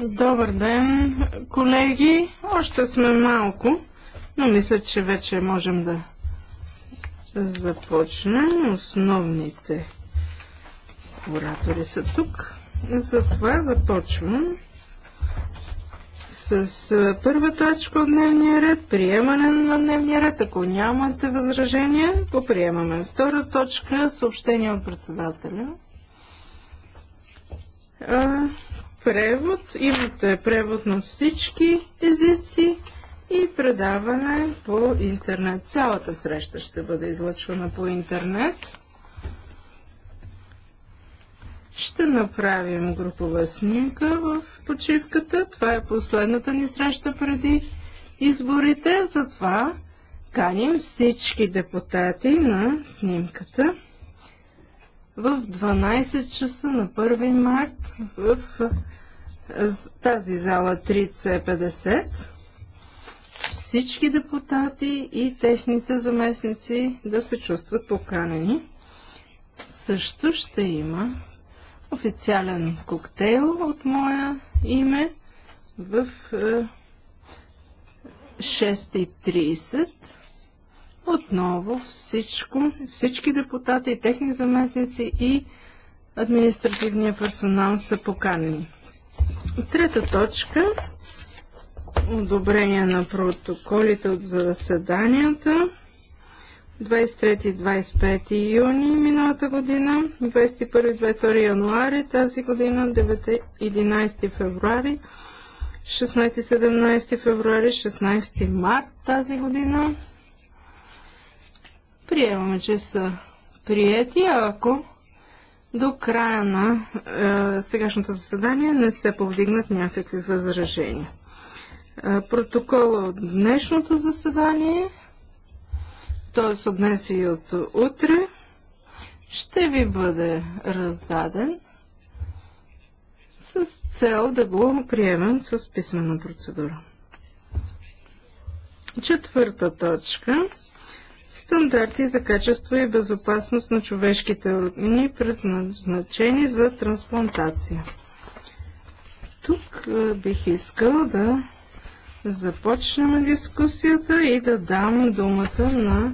Добър ден, колеги. Още сме малко, но мисля, че вече можем да започнем. Основните оратори са тук. Затова започвам с първа точка от дневния ред, приемане на дневния ред. Ако нямате възражения, го приемаме. Втора точка, съобщение от председателя а, превод. Имате превод на всички езици и предаване по интернет. Цялата среща ще бъде излъчвана по интернет. Ще направим групова снимка в почивката. Това е последната ни среща преди изборите. Затова каним всички депутати на снимката в 12 часа на 1 март в е, тази зала 3C50 всички депутати и техните заместници да се чувстват поканени. Също ще има официален коктейл от моя име в 6.30 е, отново всичко, всички депутати и техни заместници и административния персонал са поканени. Трета точка одобрение на протоколите от заседанията 23-25 юни миналата година, 21-22 януари тази година, 9-11 февруари, 16-17 февруари, 16 март тази година, приемаме, че са прияти, ако до края на е, сегашното заседание не се повдигнат някакви възражения. Е, протокола от днешното заседание, т.е. от днес и от утре, ще ви бъде раздаден с цел да го приемем с писмена процедура. Четвърта точка – стандарти за качество и безопасност на човешките органи, предназначени за трансплантация. Тук бих искал да започнем дискусията и да дам думата на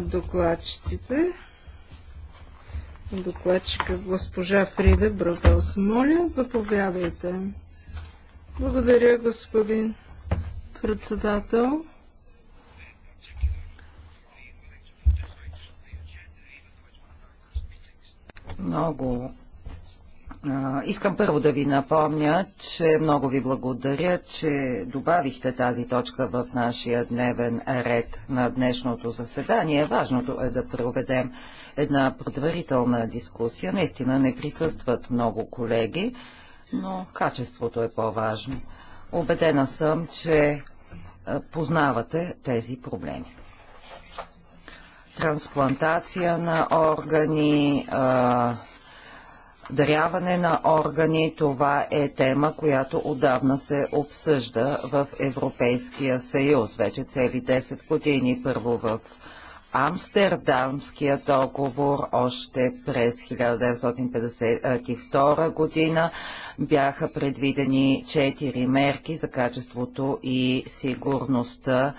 докладчиците. Докладчика госпожа Фрида Брабелс. Моля, заповядайте. Благодаря, господин председател. Много Искам първо да ви напомня, че много ви благодаря, че добавихте тази точка в нашия дневен ред на днешното заседание. Важното е да проведем една предварителна дискусия. Наистина не присъстват много колеги, но качеството е по-важно. Обедена съм, че познавате тези проблеми трансплантация на органи, даряване на органи, това е тема, която отдавна се обсъжда в Европейския съюз, вече цели 10 години, първо в Амстердамския договор още през 1952 година бяха предвидени 4 мерки за качеството и сигурността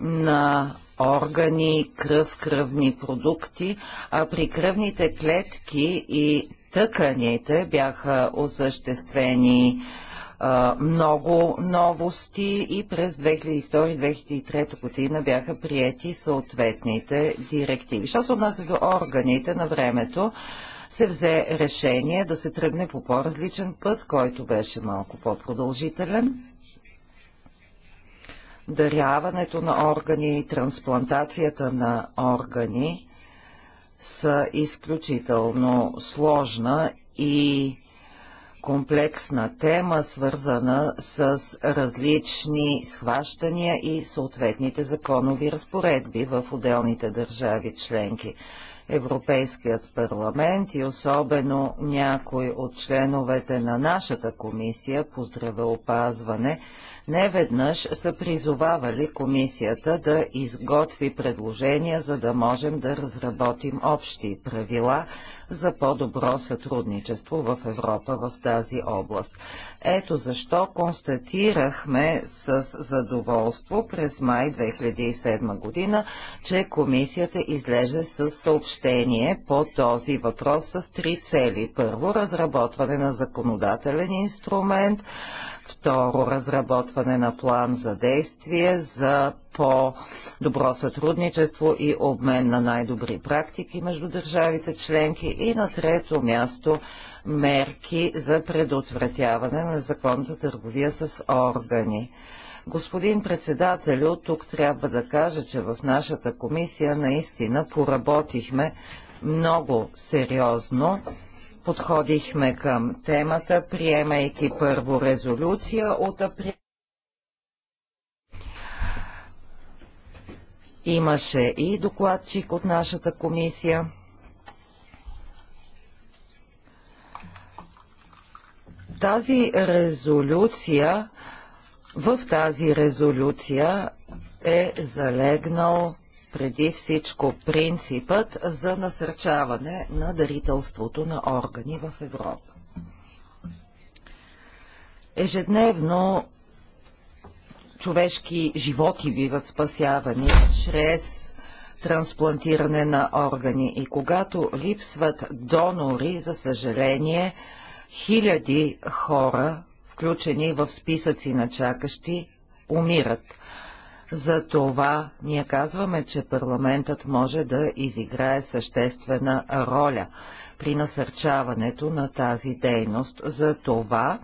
на органи, кръв, кръвни продукти, а при кръвните клетки и тъканите бяха осъществени а, много новости и през 2002-2003 година бяха приети съответните директиви. Що се отнася до органите на времето, се взе решение да се тръгне по по-различен път, който беше малко по-продължителен даряването на органи и трансплантацията на органи са изключително сложна и комплексна тема, свързана с различни схващания и съответните законови разпоредби в отделните държави членки. Европейският парламент и особено някои от членовете на нашата комисия по здравеопазване не веднъж са призовавали комисията да изготви предложения, за да можем да разработим общи правила за по-добро сътрудничество в Европа в тази област. Ето защо констатирахме с задоволство през май 2007 година, че комисията излезе с съобщение по този въпрос с три цели. Първо, разработване на законодателен инструмент, Второ, разработване на план за действие за по-добро сътрудничество и обмен на най-добри практики между държавите членки. И на трето място, мерки за предотвратяване на законната търговия с органи. Господин председателю, тук трябва да кажа, че в нашата комисия наистина поработихме много сериозно подходихме към темата, приемайки първо резолюция от април. Имаше и докладчик от нашата комисия. Тази резолюция, в тази резолюция е залегнал преди всичко принципът за насърчаване на дарителството на органи в Европа. Ежедневно човешки животи биват спасявани чрез трансплантиране на органи. И когато липсват донори, за съжаление, хиляди хора, включени в списъци на чакащи, умират. За това ние казваме, че парламентът може да изиграе съществена роля при насърчаването на тази дейност. За това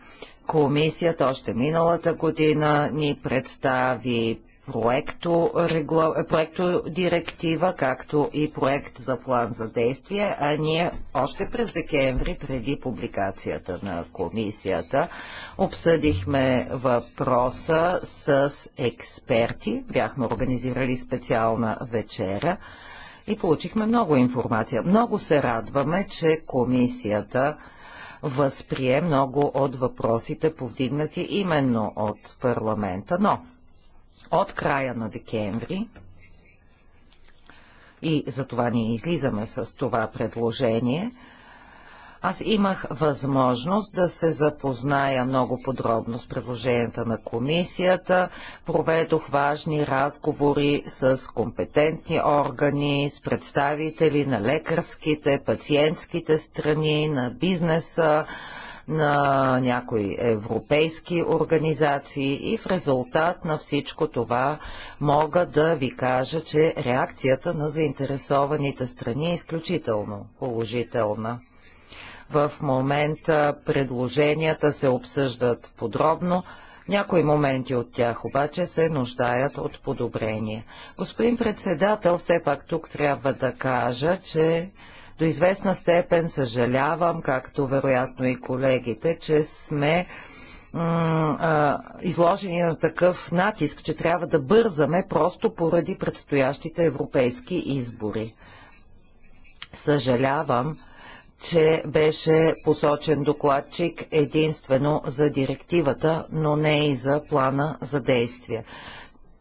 комисията още миналата година ни представи проекто, директива, както и проект за план за действие, а ние още през декември, преди публикацията на комисията, обсъдихме въпроса с експерти, бяхме организирали специална вечера и получихме много информация. Много се радваме, че комисията възприе много от въпросите, повдигнати именно от парламента, но от края на декември. И затова ние излизаме с това предложение. Аз имах възможност да се запозная много подробно с предложенията на комисията, проведох важни разговори с компетентни органи, с представители на лекарските, пациентските страни, на бизнеса, на някои европейски организации и в резултат на всичко това мога да ви кажа, че реакцията на заинтересованите страни е изключително положителна. В момента предложенията се обсъждат подробно, някои моменти от тях обаче се нуждаят от подобрение. Господин председател, все пак тук трябва да кажа, че до известна степен съжалявам, както вероятно и колегите, че сме изложени на такъв натиск, че трябва да бързаме просто поради предстоящите европейски избори. Съжалявам, че беше посочен докладчик единствено за директивата, но не и за плана за действие.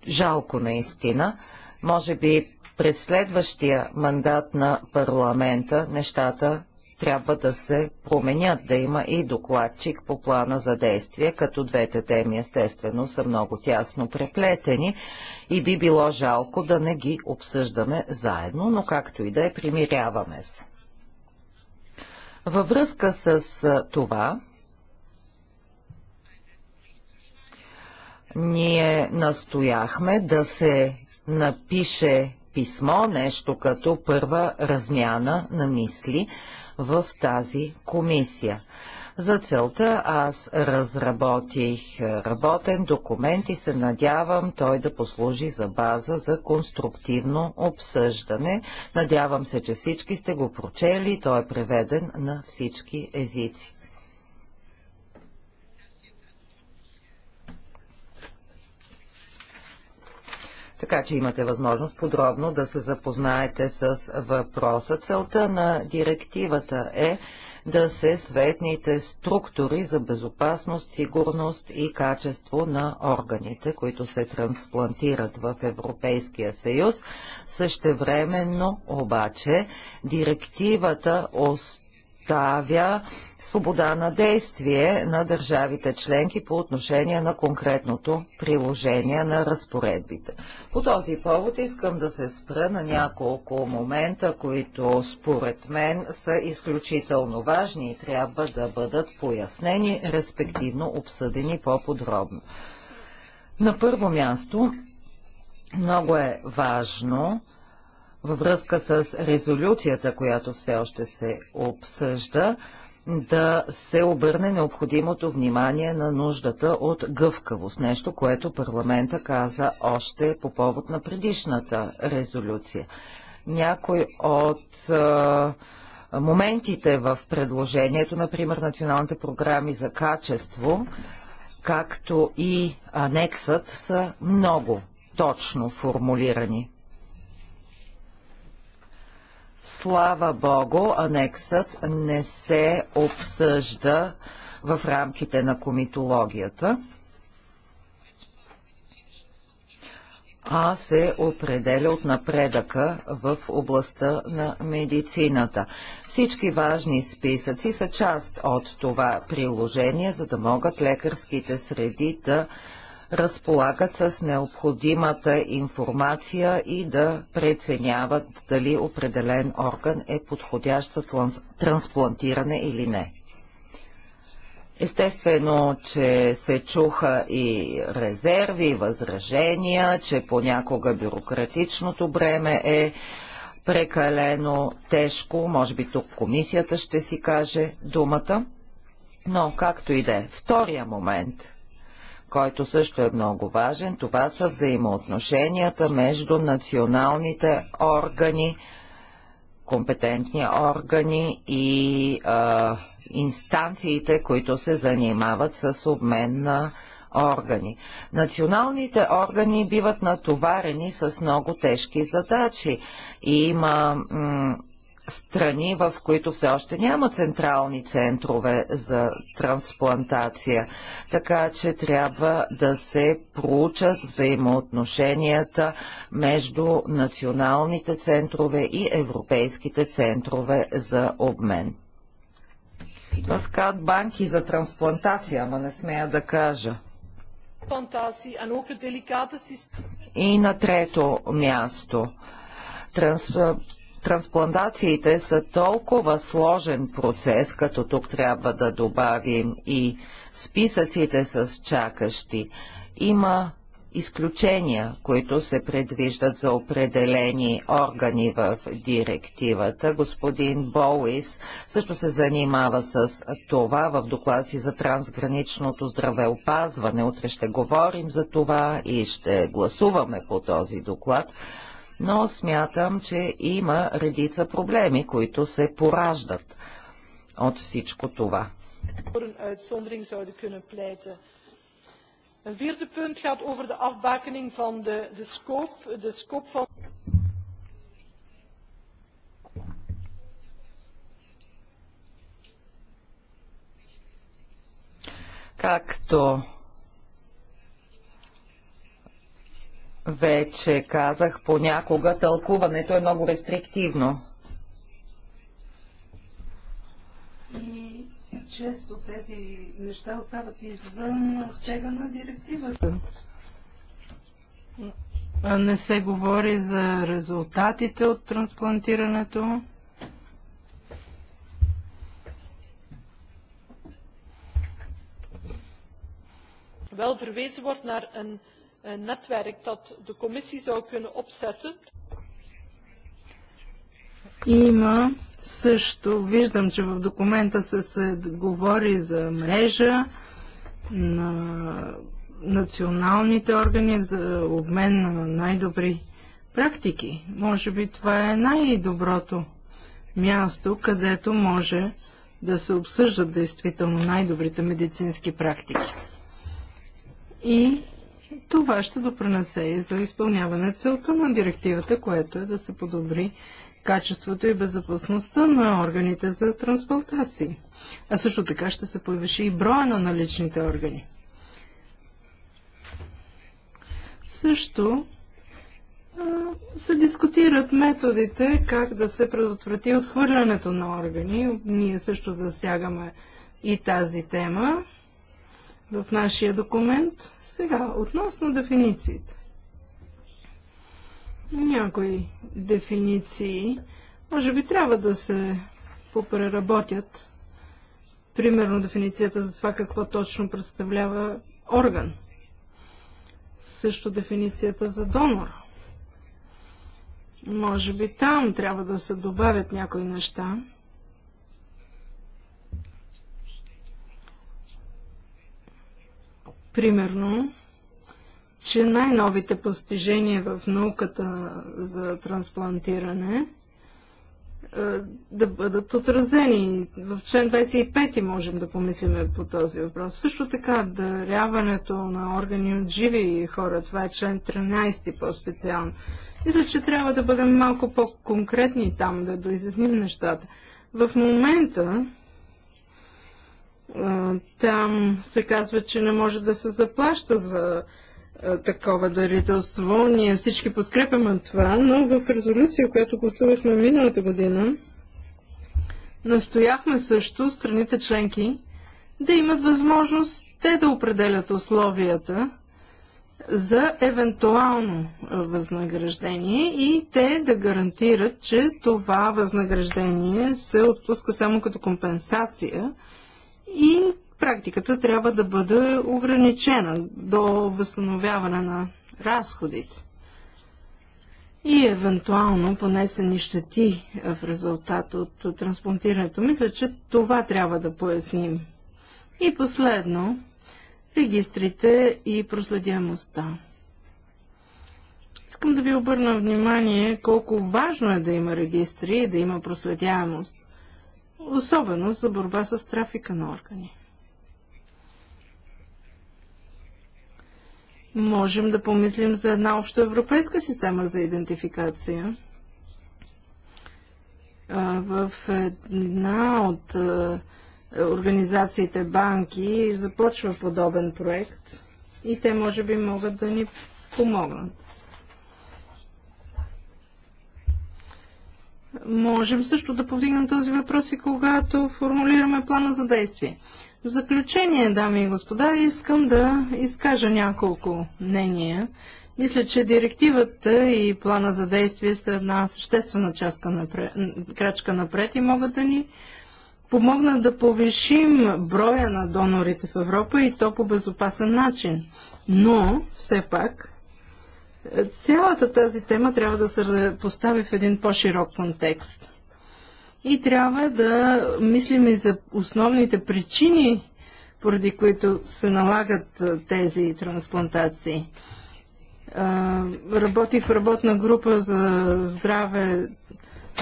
Жалко наистина. Може би през следващия мандат на парламента нещата трябва да се променят, да има и докладчик по плана за действие, като двете теми естествено са много тясно преплетени и би било жалко да не ги обсъждаме заедно, но както и да е, примиряваме се. Във връзка с това, ние настояхме да се напише писмо, нещо като първа размяна на мисли в тази комисия. За целта аз разработих работен документ и се надявам той да послужи за база за конструктивно обсъждане. Надявам се, че всички сте го прочели, той е преведен на всички езици. така че имате възможност подробно да се запознаете с въпроса. Целта на директивата е да се светните структури за безопасност, сигурност и качество на органите, които се трансплантират в Европейския съюз. Същевременно обаче директивата ост предоставя свобода на действие на държавите членки по отношение на конкретното приложение на разпоредбите. По този повод искам да се спра на няколко момента, които според мен са изключително важни и трябва да бъдат пояснени, респективно обсъдени по-подробно. На първо място, много е важно във връзка с резолюцията, която все още се обсъжда, да се обърне необходимото внимание на нуждата от гъвкавост, нещо, което парламента каза още по повод на предишната резолюция. Някой от а, моментите в предложението, например националните програми за качество, както и анексът са много точно формулирани. Слава Богу, анексът не се обсъжда в рамките на комитологията, а се определя от напредъка в областта на медицината. Всички важни списъци са част от това приложение, за да могат лекарските среди да разполагат с необходимата информация и да преценяват дали определен орган е подходящ за трансплантиране или не. Естествено, че се чуха и резерви, възражения, че понякога бюрократичното бреме е прекалено тежко. Може би тук комисията ще си каже думата. Но, както и да е, втория момент, който също е много важен. Това са взаимоотношенията между националните органи, компетентни органи и а, инстанциите, които се занимават с обмен на органи. Националните органи биват натоварени с много тежки задачи. И има страни, в които все още няма централни центрове за трансплантация. Така че трябва да се проучат взаимоотношенията между националните центрове и европейските центрове за обмен. Това казват банки за трансплантация, ама не смея да кажа. И на трето място. Трансплантация трансплантациите са толкова сложен процес, като тук трябва да добавим и списъците с чакащи. Има изключения, които се предвиждат за определени органи в директивата. Господин Боуис също се занимава с това в доклада си за трансграничното здравеопазване. Утре ще говорим за това и ще гласуваме по този доклад но смятам, че има редица проблеми, които се пораждат от всичко това. Както вече казах, понякога тълкуването е много рестриктивно. И често тези неща остават извън обсега на директивата. Не се говори за резултатите от трансплантирането. Wel verwezen wordt naar een een netwerk dat de commissie zou kunnen opzetten. Има също, виждам, че в документа се, се говори за мрежа на националните органи за обмен на най-добри практики. Може би това е най-доброто място, където може да се обсъждат действително най-добрите медицински практики. И това ще допренесе и за изпълняване целта на директивата, което е да се подобри качеството и безопасността на органите за трансплантации. А също така ще се повиши и броя на наличните органи. Също се дискутират методите как да се предотврати отхвърлянето на органи. Ние също засягаме и тази тема в нашия документ. Сега, относно дефинициите. Някои дефиниции може би трябва да се попреработят. Примерно дефиницията за това какво точно представлява орган. Също дефиницията за донор. Може би там трябва да се добавят някои неща. примерно, че най-новите постижения в науката за трансплантиране е, да бъдат отразени. В член 25 можем да помислим по този въпрос. Също така, даряването на органи от живи хора, това е член 13 по-специално. Мисля, че трябва да бъдем малко по-конкретни там, да доизясним нещата. В момента там се казва, че не може да се заплаща за такова дарителство. Ние всички подкрепяме това, но в резолюция, която гласувахме миналата година, настояхме също страните членки да имат възможност те да определят условията за евентуално възнаграждение и те да гарантират, че това възнаграждение се отпуска само като компенсация и практиката трябва да бъде ограничена до възстановяване на разходите и евентуално понесени щети в резултат от трансплантирането. Мисля, че това трябва да поясним. И последно, регистрите и проследяемостта. Искам да ви обърна внимание колко важно е да има регистри и да има проследяемост особено за борба с трафика на органи. Можем да помислим за една европейска система за идентификация. В една от организациите банки започва подобен проект и те може би могат да ни помогнат. Можем също да повдигнем този въпрос и когато формулираме плана за действие. В заключение, дами и господа, искам да изкажа няколко мнения. Мисля, че директивата и плана за действие са една съществена частка напред, крачка напред и могат да ни помогнат да повишим броя на донорите в Европа и то по безопасен начин. Но, все пак, Цялата тази тема трябва да се постави в един по-широк контекст. И трябва да мислим и за основните причини, поради които се налагат тези трансплантации. Работи в работна група за здраве,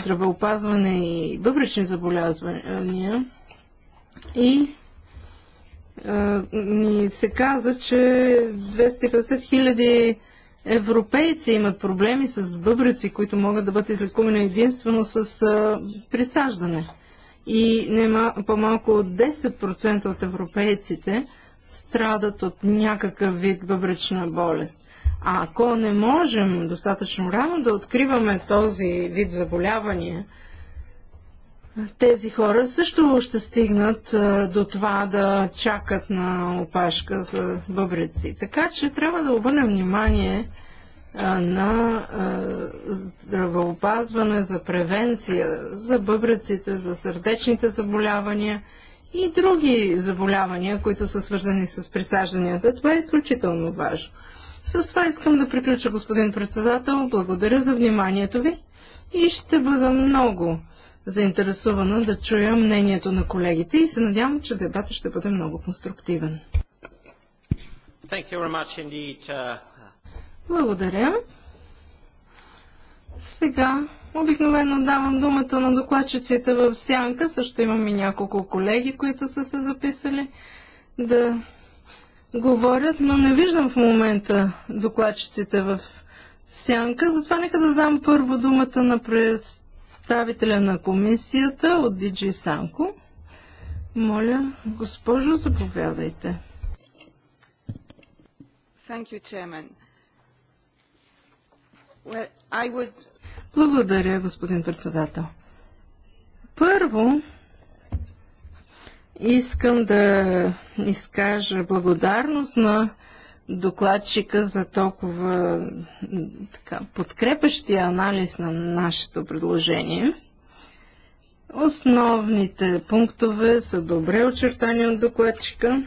здравеопазване и бъбречни заболявания. И ни се каза, че 250 хиляди 000 европейци имат проблеми с бъбрици, които могат да бъдат излекувани единствено с а, присаждане. И нема, по-малко от 10% от европейците страдат от някакъв вид бъбрична болест. А ако не можем достатъчно рано да откриваме този вид заболявания, тези хора също ще стигнат а, до това да чакат на опашка за бъбреци. Така че трябва да обърнем внимание а, на а, здравеопазване за превенция, за бъбреците, за сърдечните заболявания и други заболявания, които са свързани с присажданията. Това е изключително важно. С това искам да приключа, господин председател. Благодаря за вниманието ви и ще бъда много заинтересована да чуя мнението на колегите и се надявам, че дебатът ще бъде много конструктивен. Uh, Благодаря. Сега обикновено давам думата на докладчиците в сянка. Също имам и няколко колеги, които са се записали да говорят, но не виждам в момента докладчиците в сянка. Затова нека да дам първо думата на пред представителя на комисията от Диджи Санко. Моля, госпожо, заповядайте. You, well, would... Благодаря, господин председател. Първо, искам да изкажа благодарност на докладчика за толкова така, подкрепащия анализ на нашето предложение. Основните пунктове са добре очертани от докладчика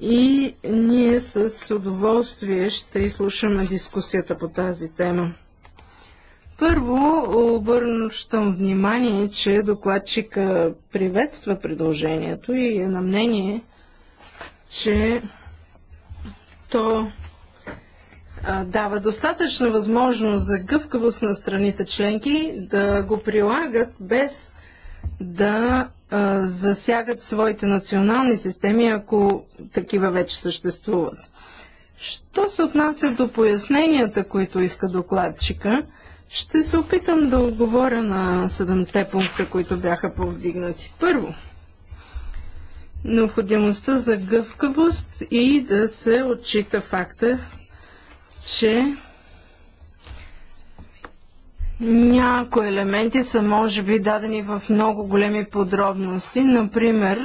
и ние с удоволствие ще изслушаме дискусията по тази тема. Първо обърнащам внимание, че докладчика приветства предложението и е на мнение, че то а, дава достатъчна възможност за гъвкавост на страните членки да го прилагат без да а, засягат своите национални системи, ако такива вече съществуват. Що се отнася до поясненията, които иска докладчика, ще се опитам да отговоря на седемте пункта, които бяха повдигнати. Първо, необходимостта за гъвкавост и да се отчита факта, че някои елементи са може би дадени в много големи подробности, например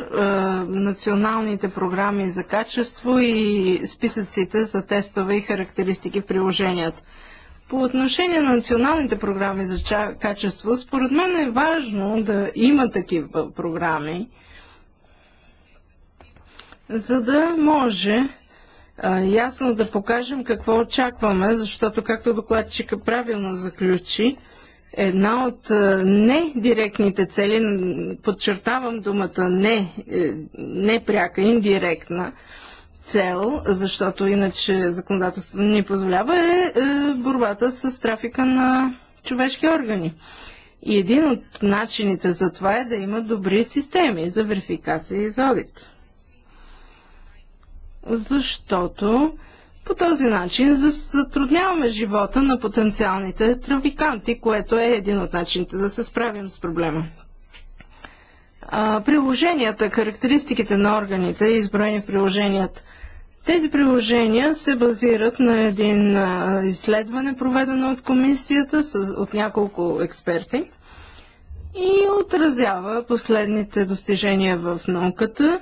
националните програми за качество и списъците за тестове и характеристики в приложенията. По отношение на националните програми за качество, според мен е важно да има такива програми, за да може а, ясно да покажем какво очакваме, защото, както докладчика правилно заключи, една от недиректните цели, подчертавам думата не, е, не пряка, индиректна цел, защото иначе законодателството не позволява, е, е борбата с трафика на човешки органи. И един от начините за това е да има добри системи за верификация и за одит защото по този начин затрудняваме живота на потенциалните трафиканти, което е един от начините да се справим с проблема. приложенията, характеристиките на органите, изброени в приложенията. Тези приложения се базират на един изследване, проведено от комисията от няколко експерти и отразява последните достижения в науката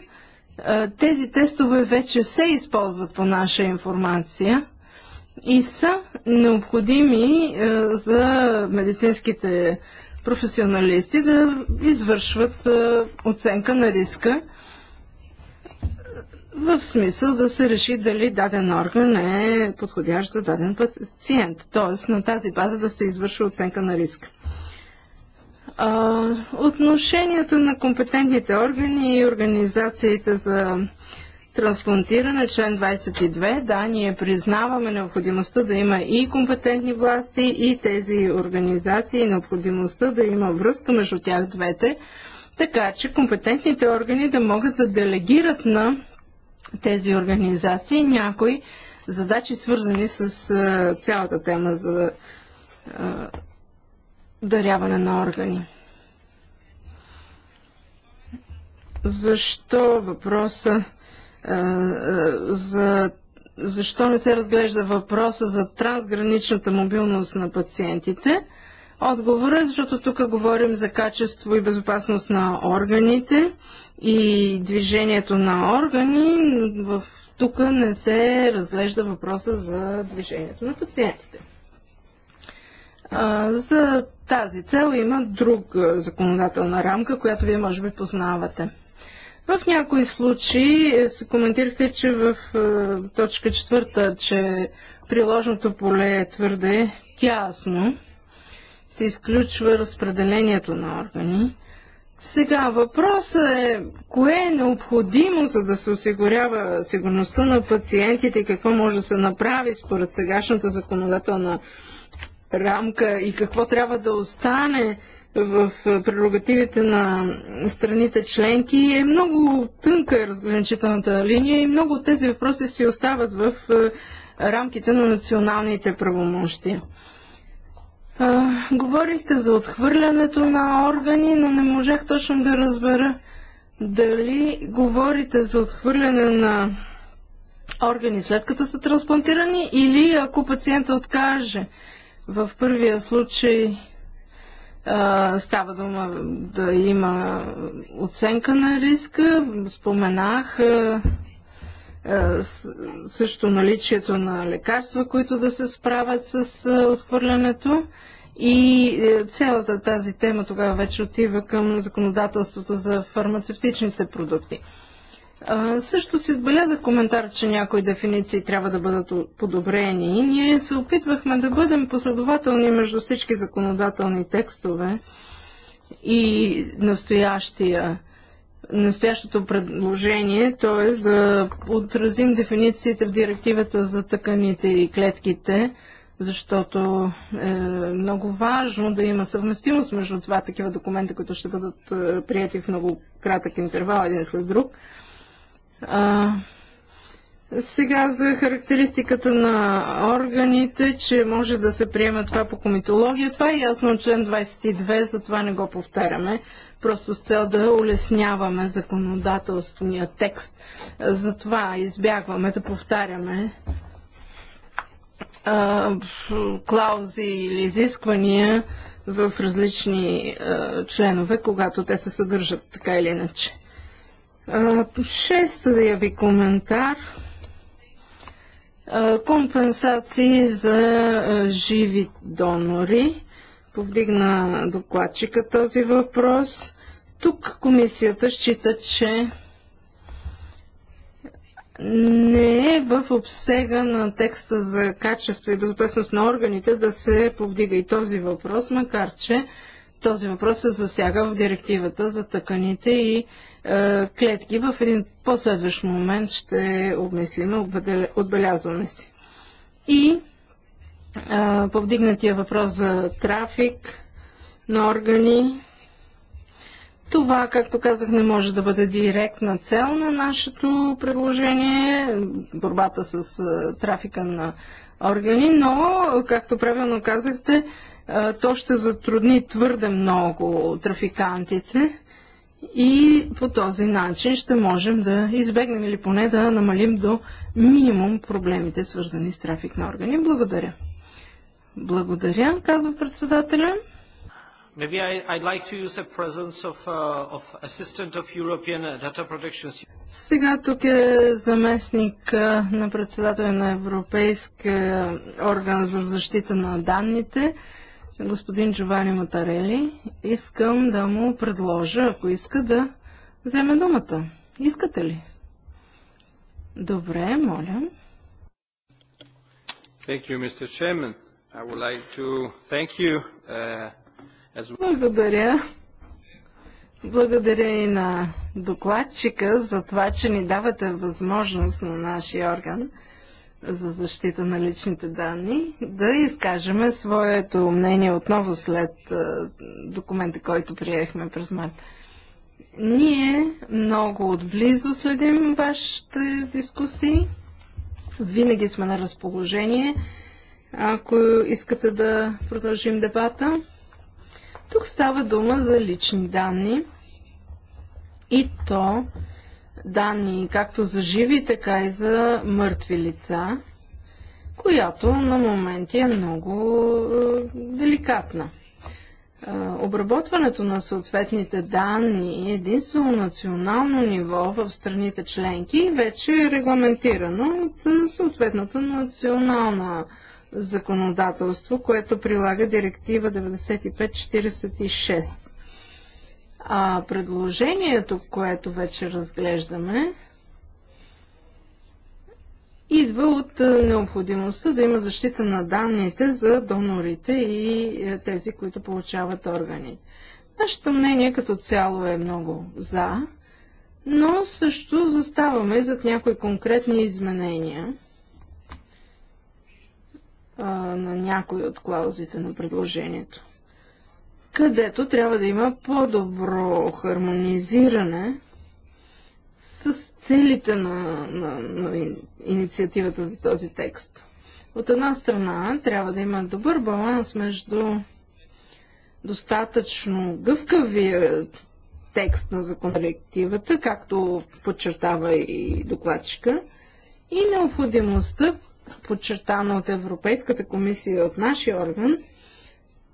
е, тези тестове вече се използват по наша информация и са необходими е, за медицинските професионалисти да извършват е, оценка на риска в смисъл да се реши дали даден орган е подходящ за даден пациент. Т.е. на тази база да се извършва оценка на риска. А, отношенията на компетентните органи и организациите за трансплантиране, член 22, да, ние признаваме необходимостта да има и компетентни власти, и тези организации, и необходимостта да има връзка между тях двете, така че компетентните органи да могат да делегират на тези организации някои задачи, свързани с цялата тема за даряване на органи. Защо въпроса за защо не се разглежда въпроса за трансграничната мобилност на пациентите? Отговорът е, защото тук говорим за качество и безопасност на органите и движението на органи. тук не се разглежда въпроса за движението на пациентите. За тази цел има друг законодателна рамка, която вие може би познавате. В някои случаи е, се коментирахте, че в точка четвърта, че приложното поле е твърде тясно, се изключва разпределението на органи. Сега въпросът е, кое е необходимо, за да се осигурява сигурността на пациентите, какво може да се направи според сегашната законодателна рамка и какво трябва да остане в е, прерогативите на страните членки е много тънка е разграничителната линия и много от тези въпроси си остават в е, рамките на националните правомощия. говорихте за отхвърлянето на органи, но не можах точно да разбера дали говорите за отхвърляне на органи след като са трансплантирани или ако пациента откаже. В първия случай Става дума да има оценка на риска. Споменах също наличието на лекарства, които да се справят с отхвърлянето. И е, цялата тази тема тогава вече отива към законодателството за фармацевтичните продукти. Също си отбеляза коментар, че някои дефиниции трябва да бъдат подобрени. Ние се опитвахме да бъдем последователни между всички законодателни текстове и настоящия настоящото предложение, т.е. да отразим дефинициите в директивата за тъканите и клетките, защото е много важно да има съвместимост между това, такива документи, които ще бъдат е, прияти в много кратък интервал един след друг. А, сега за характеристиката на органите, че може да се приема това по комитология. Това е ясно член 22, затова не го повтаряме. Просто с цел да улесняваме законодателствения текст. Затова избягваме да повтаряме а, клаузи или изисквания в различни а, членове, когато те се съдържат така или иначе. Шестия ви коментар компенсации за живи донори. Повдигна докладчика този въпрос. Тук комисията счита, че не е в обсега на текста за качество и безопасност на органите да се повдига и този въпрос, макар че този въпрос се засяга в директивата за тъканите и е, клетки. В един последващ момент ще обмислим, отбелязваме си. И повдигнатия въпрос за трафик на органи. Това, както казах, не може да бъде директна цел на нашето предложение, борбата с трафика на органи, но, както правилно казахте, то ще затрудни твърде много трафикантите и по този начин ще можем да избегнем или поне да намалим до минимум проблемите, свързани с трафик на органи. Благодаря. Благодаря, казва председателя. Maybe I, I'd like to use the presence of, uh, of Assistant of European uh, Data Protection. Сега тук е заместник uh, на председателя на Европейския uh, орган за защита на данните господин Джовани Матарели. Искам да му предложа, ако иска да вземе думата. Искате ли? Добре, моля. Thank you, Mr. Chairman. I would like to thank you uh, as Благодаря. Благодаря и на докладчика за това, че ни давате възможност на нашия орган за защита на личните данни, да изкажеме своето мнение отново след документа, който приехме през март. Ние много отблизо следим вашите дискусии. Винаги сме на разположение, ако искате да продължим дебата. Тук става дума за лични данни и то данни както за живи, така и за мъртви лица, която на моменти е много е, деликатна. Е, обработването на съответните данни е единствено национално ниво в страните членки вече е регламентирано от съответната национална законодателство, което прилага директива 9546. А предложението, което вече разглеждаме, идва от е, необходимостта да има защита на данните за донорите и е, тези, които получават органи. Нашето мнение като цяло е много за, но също заставаме зад някои конкретни изменения е, на някои от клаузите на предложението където трябва да има по-добро хармонизиране с целите на, на, на инициативата за този текст. От една страна трябва да има добър баланс между достатъчно гъвкавия текст на законодателективата, както подчертава и докладчика, и необходимостта, подчертана от Европейската комисия и от нашия орган,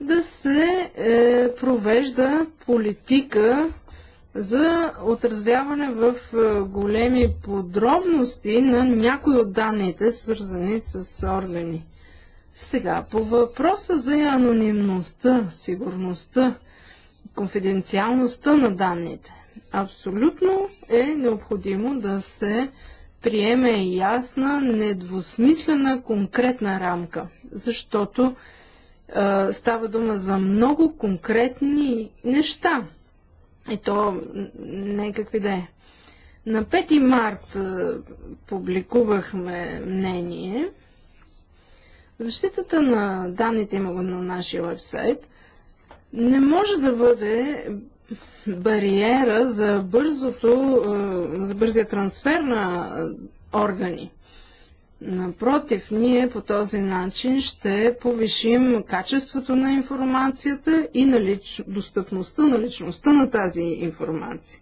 да се е, провежда политика за отразяване в е, големи подробности на някои от данните, свързани с органи. Сега, по въпроса за анонимността, сигурността, конфиденциалността на данните, абсолютно е необходимо да се приеме ясна, недвусмислена, конкретна рамка, защото става дума за много конкретни неща. И то не какви да е. На 5 март публикувахме мнение. Защитата на данните има го на нашия вебсайт. Не може да бъде бариера за бързото, за бързия трансфер на органи. Напротив, ние по този начин ще повишим качеството на информацията и на лич... достъпността на личността на тази информация.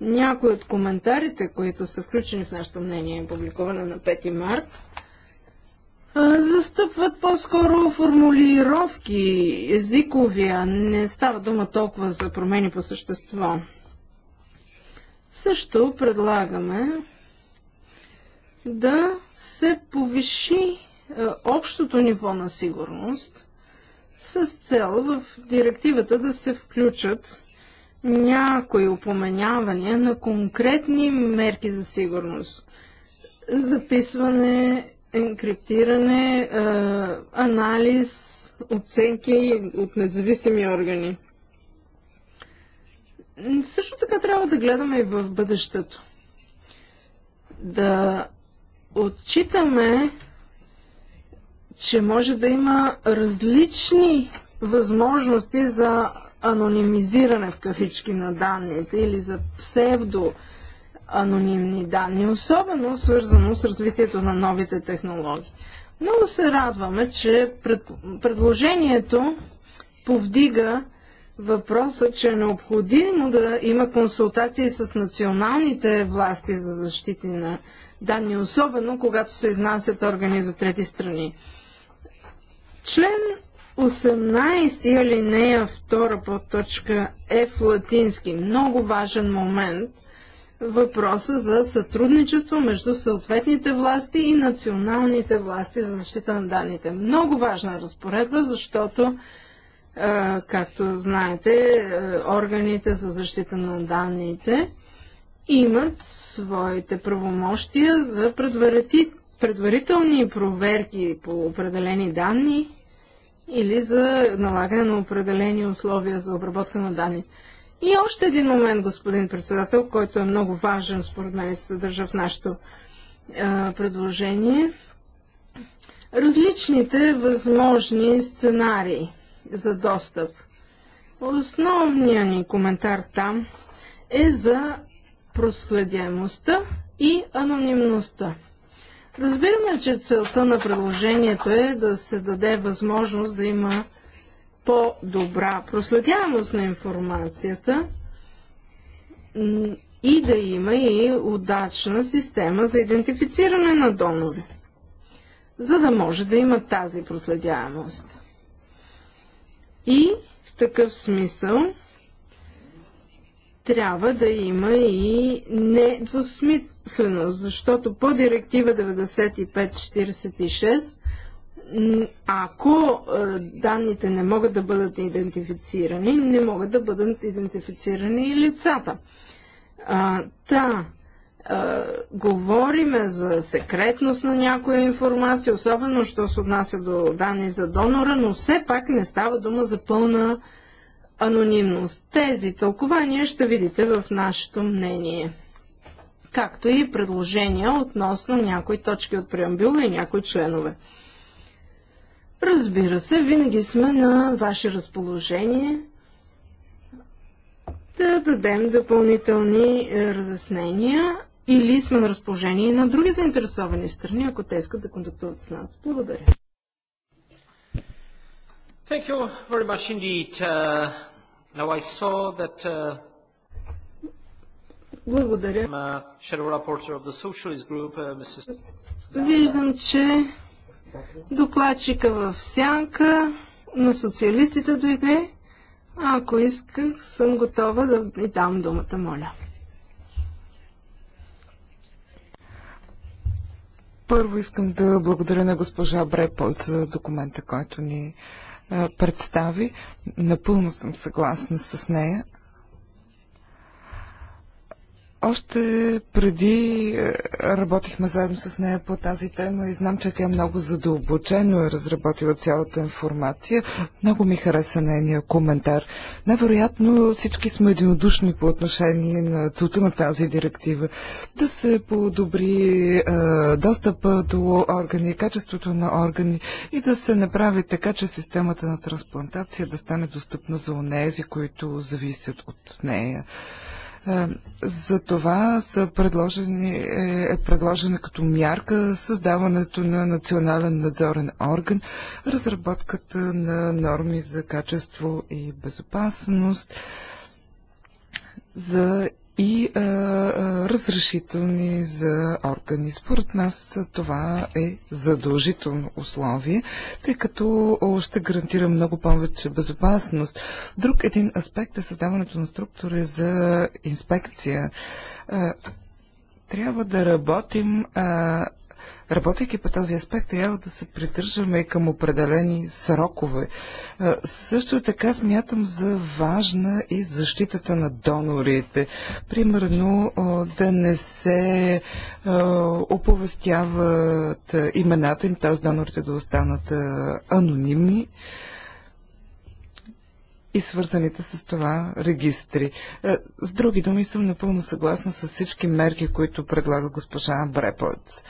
Някои от коментарите, които са включени в нашето мнение, публикувано на 5 март, застъпват по-скоро формулировки, езиковия, не става дума толкова за промени по същество. Също предлагаме да се повиши е, общото ниво на сигурност с цел в директивата да се включат някои упоменявания на конкретни мерки за сигурност. Записване, енкриптиране, е, анализ, оценки от независими органи. Също така трябва да гледаме и в бъдещето. Да отчитаме, че може да има различни възможности за анонимизиране в кафички на данните или за псевдо анонимни данни, особено свързано с развитието на новите технологии. Много се радваме, че пред, предложението повдига въпроса, че е необходимо да има консултации с националните власти за защити на данни, особено когато се изнасят органи за трети страни. Член 18 алинея 2 по точка е в латински. Много важен момент. Въпроса за сътрудничество между съответните власти и националните власти за защита на данните. Много важна разпоредба, защото както знаете, органите за защита на данните имат своите правомощия за предварителни проверки по определени данни или за налагане на определени условия за обработка на данни. И още един момент, господин председател, който е много важен, според мен, се съдържа в нашето е, предложение. Различните възможни сценарии за достъп. Основният ни коментар там е за проследяемостта и анонимността. Разбираме, че целта на предложението е да се даде възможност да има по-добра проследяемост на информацията и да има и удачна система за идентифициране на донори, за да може да има тази проследяемост. И в такъв смисъл трябва да има и недвусмисленост, защото по директива 9546 ако е, данните не могат да бъдат идентифицирани, не могат да бъдат идентифицирани и лицата. А, та, а, е, говориме за секретност на някоя информация, особено що се отнася до данни за донора, но все пак не става дума за пълна анонимност. Тези тълкования ще видите в нашето мнение както и предложения относно някои точки от преамбюла и някои членове. Разбира се, винаги сме на ваше разположение да дадем допълнителни е, разяснения или сме на разположение на други заинтересовани страни, ако те искат да контактуват с нас. Благодаря. Thank you very much indeed. Uh, now I saw that uh, I'm a shadow reporter of the Socialist Group, uh, Mrs. Виждам, че докладчика в сянка на социалистите дойде. ако исках, съм готова да ви дам думата, моля. Първо искам да благодаря на госпожа Брепот за документа, който ни представи. Напълно съм съгласна с нея. Още преди е, работихме заедно с нея по тази тема и знам, че тя е много задълбочено е разработила цялата информация. Много ми хареса нейния коментар. Невероятно всички сме единодушни по отношение на целта на тази директива. Да се подобри е, достъпа до органи, качеството на органи и да се направи така, че системата на трансплантация да стане достъпна за онези, които зависят от нея. Е, за това са предложени, е, е предложена като мярка създаването на национален надзорен орган, разработката на норми за качество и безопасност, за и а, е, а, е, разрешителни за органи. Според нас това е задължително условие, тъй като ще гарантира много повече безопасност. Друг един аспект е създаването на структури за инспекция. А, е, трябва да работим а, работейки по този аспект, трябва да се придържаме към определени срокове. Също така смятам за важна и защитата на донорите. Примерно да не се оповестяват имената им, т.е. донорите да останат анонимни и свързаните с това регистри. С други думи съм напълно съгласна с всички мерки, които предлага госпожа Брепоц.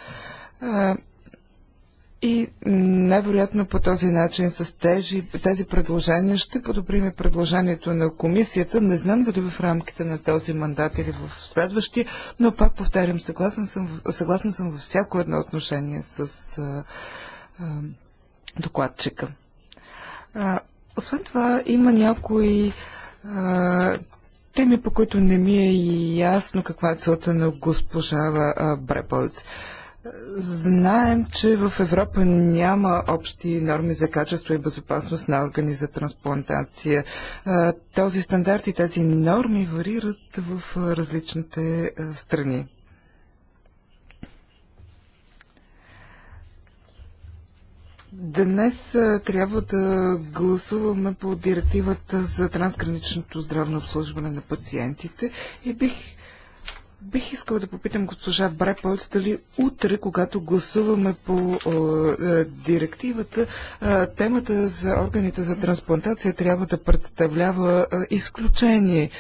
И най-вероятно по този начин с тези, тези предложения ще подобрим предложението на комисията. Не знам дали в рамките на този мандат или в следващия, но пак повтарям, съгласна съм, съгласна съм във всяко едно отношение с а, а, докладчика. А, освен това, има някои а, теми, по които не ми е ясно каква е целта на госпожа Бреполец. Знаем, че в Европа няма общи норми за качество и безопасност на органи за трансплантация. Този стандарт и тези норми варират в различните страни. Днес трябва да гласуваме по директивата за трансграничното здравно обслужване на пациентите и бих Бих искала да попитам госпожа Брепълц дали утре, когато гласуваме по директивата, темата за органите за трансплантация трябва да представлява изключение,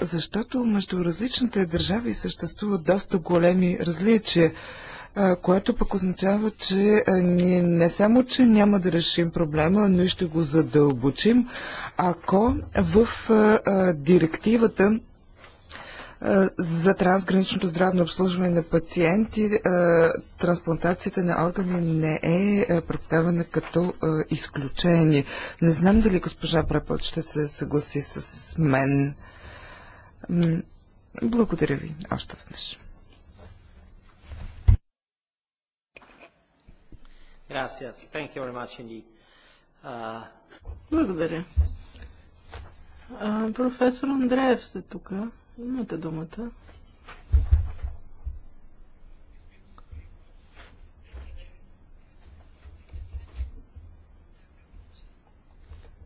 защото между различните държави съществуват доста големи различия което пък означава, че ние не само, че няма да решим проблема, но и ще го задълбочим, ако в директивата е, за трансграничното здравно обслужване на пациенти е, трансплантацията на органи не е, е представена като изключение. Не знам дали госпожа Препот ще се съгласи с мен. Благодаря ви още веднъж. Uh, благодаря. професор Андреев се тук. Имате думата.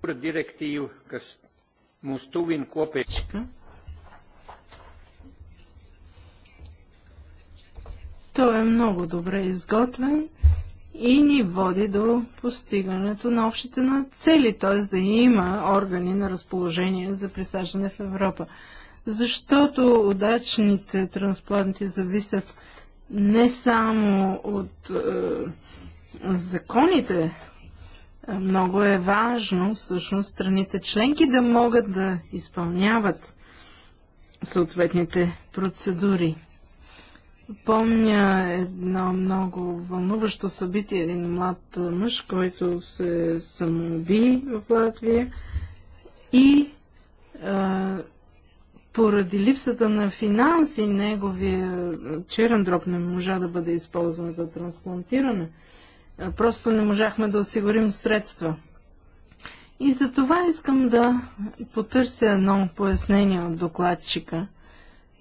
Директив kas mūs Копечка. Той е много добре изготвен и ни води до постигането на общите на цели, т.е. да има органи на разположение за присаждане в Европа защото удачните транспланти зависят не само от е, законите, много е важно всъщност страните членки да могат да изпълняват съответните процедури. Помня едно много вълнуващо събитие, един млад мъж, който се самоуби в Латвия и поради липсата на финанси, неговия черен дроб не можа да бъде използван за трансплантиране. Просто не можахме да осигурим средства. И за това искам да потърся едно пояснение от докладчика.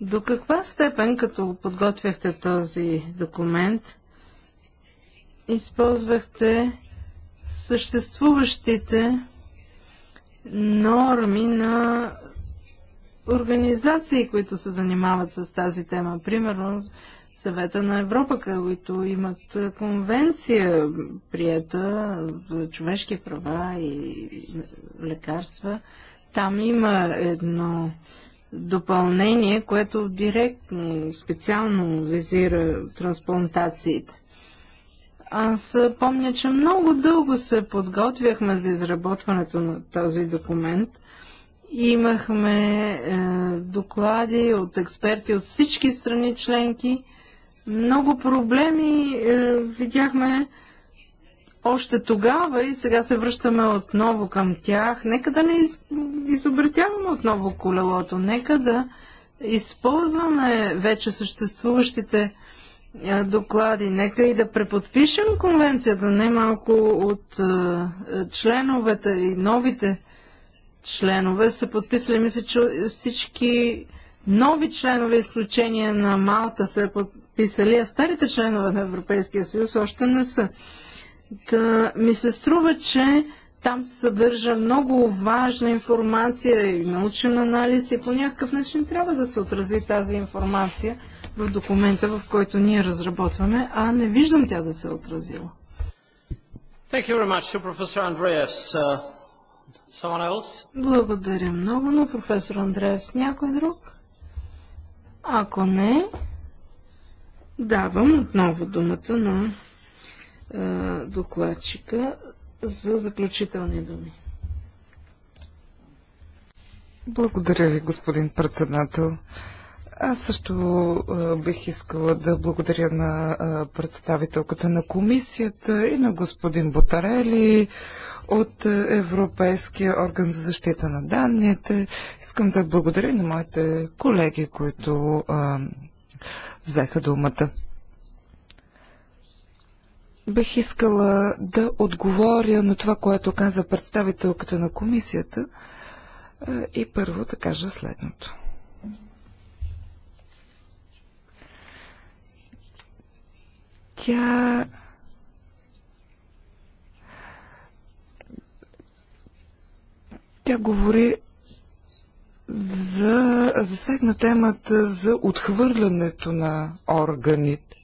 До каква степен, като подготвяхте този документ, използвахте съществуващите норми на организации, които се занимават с тази тема. Примерно Съвета на Европа, които имат е, конвенция прията за човешки права и лекарства. Там има едно допълнение, което директно, специално визира трансплантациите. Аз е, помня, че много дълго се подготвяхме за изработването на този документ – Имахме е, доклади от експерти от всички страни членки. Много проблеми е, видяхме още тогава и сега се връщаме отново към тях. Нека да не из, изобретяваме отново колелото. Нека да използваме вече съществуващите е, доклади. Нека и да преподпишем конвенцията, не малко от е, членовете и новите членове са подписали, мисля, че всички нови членове, изключение на Малта, са подписали, а старите членове на Европейския съюз още не са. Та, ми се струва, че там се съдържа много важна информация и научен анализ и по някакъв начин трябва да се отрази тази информация в документа, в който ние разработваме, а не виждам тя да се е отразила. Thank you very much to Professor Andreas. Uh... Благодаря много на професор Андреев. С някой друг? Ако не, давам отново думата на е, докладчика за заключителни думи. Благодаря ви, господин председател. Аз също е, бих искала да благодаря на е, представителката на комисията и на господин Ботарели, от Европейския орган за защита на данните. Искам да благодаря на моите колеги, които а, взеха думата. Бих искала да отговоря на това, което каза представителката на комисията и първо да кажа следното. Тя Тя говори за засегна темата за отхвърлянето на органите.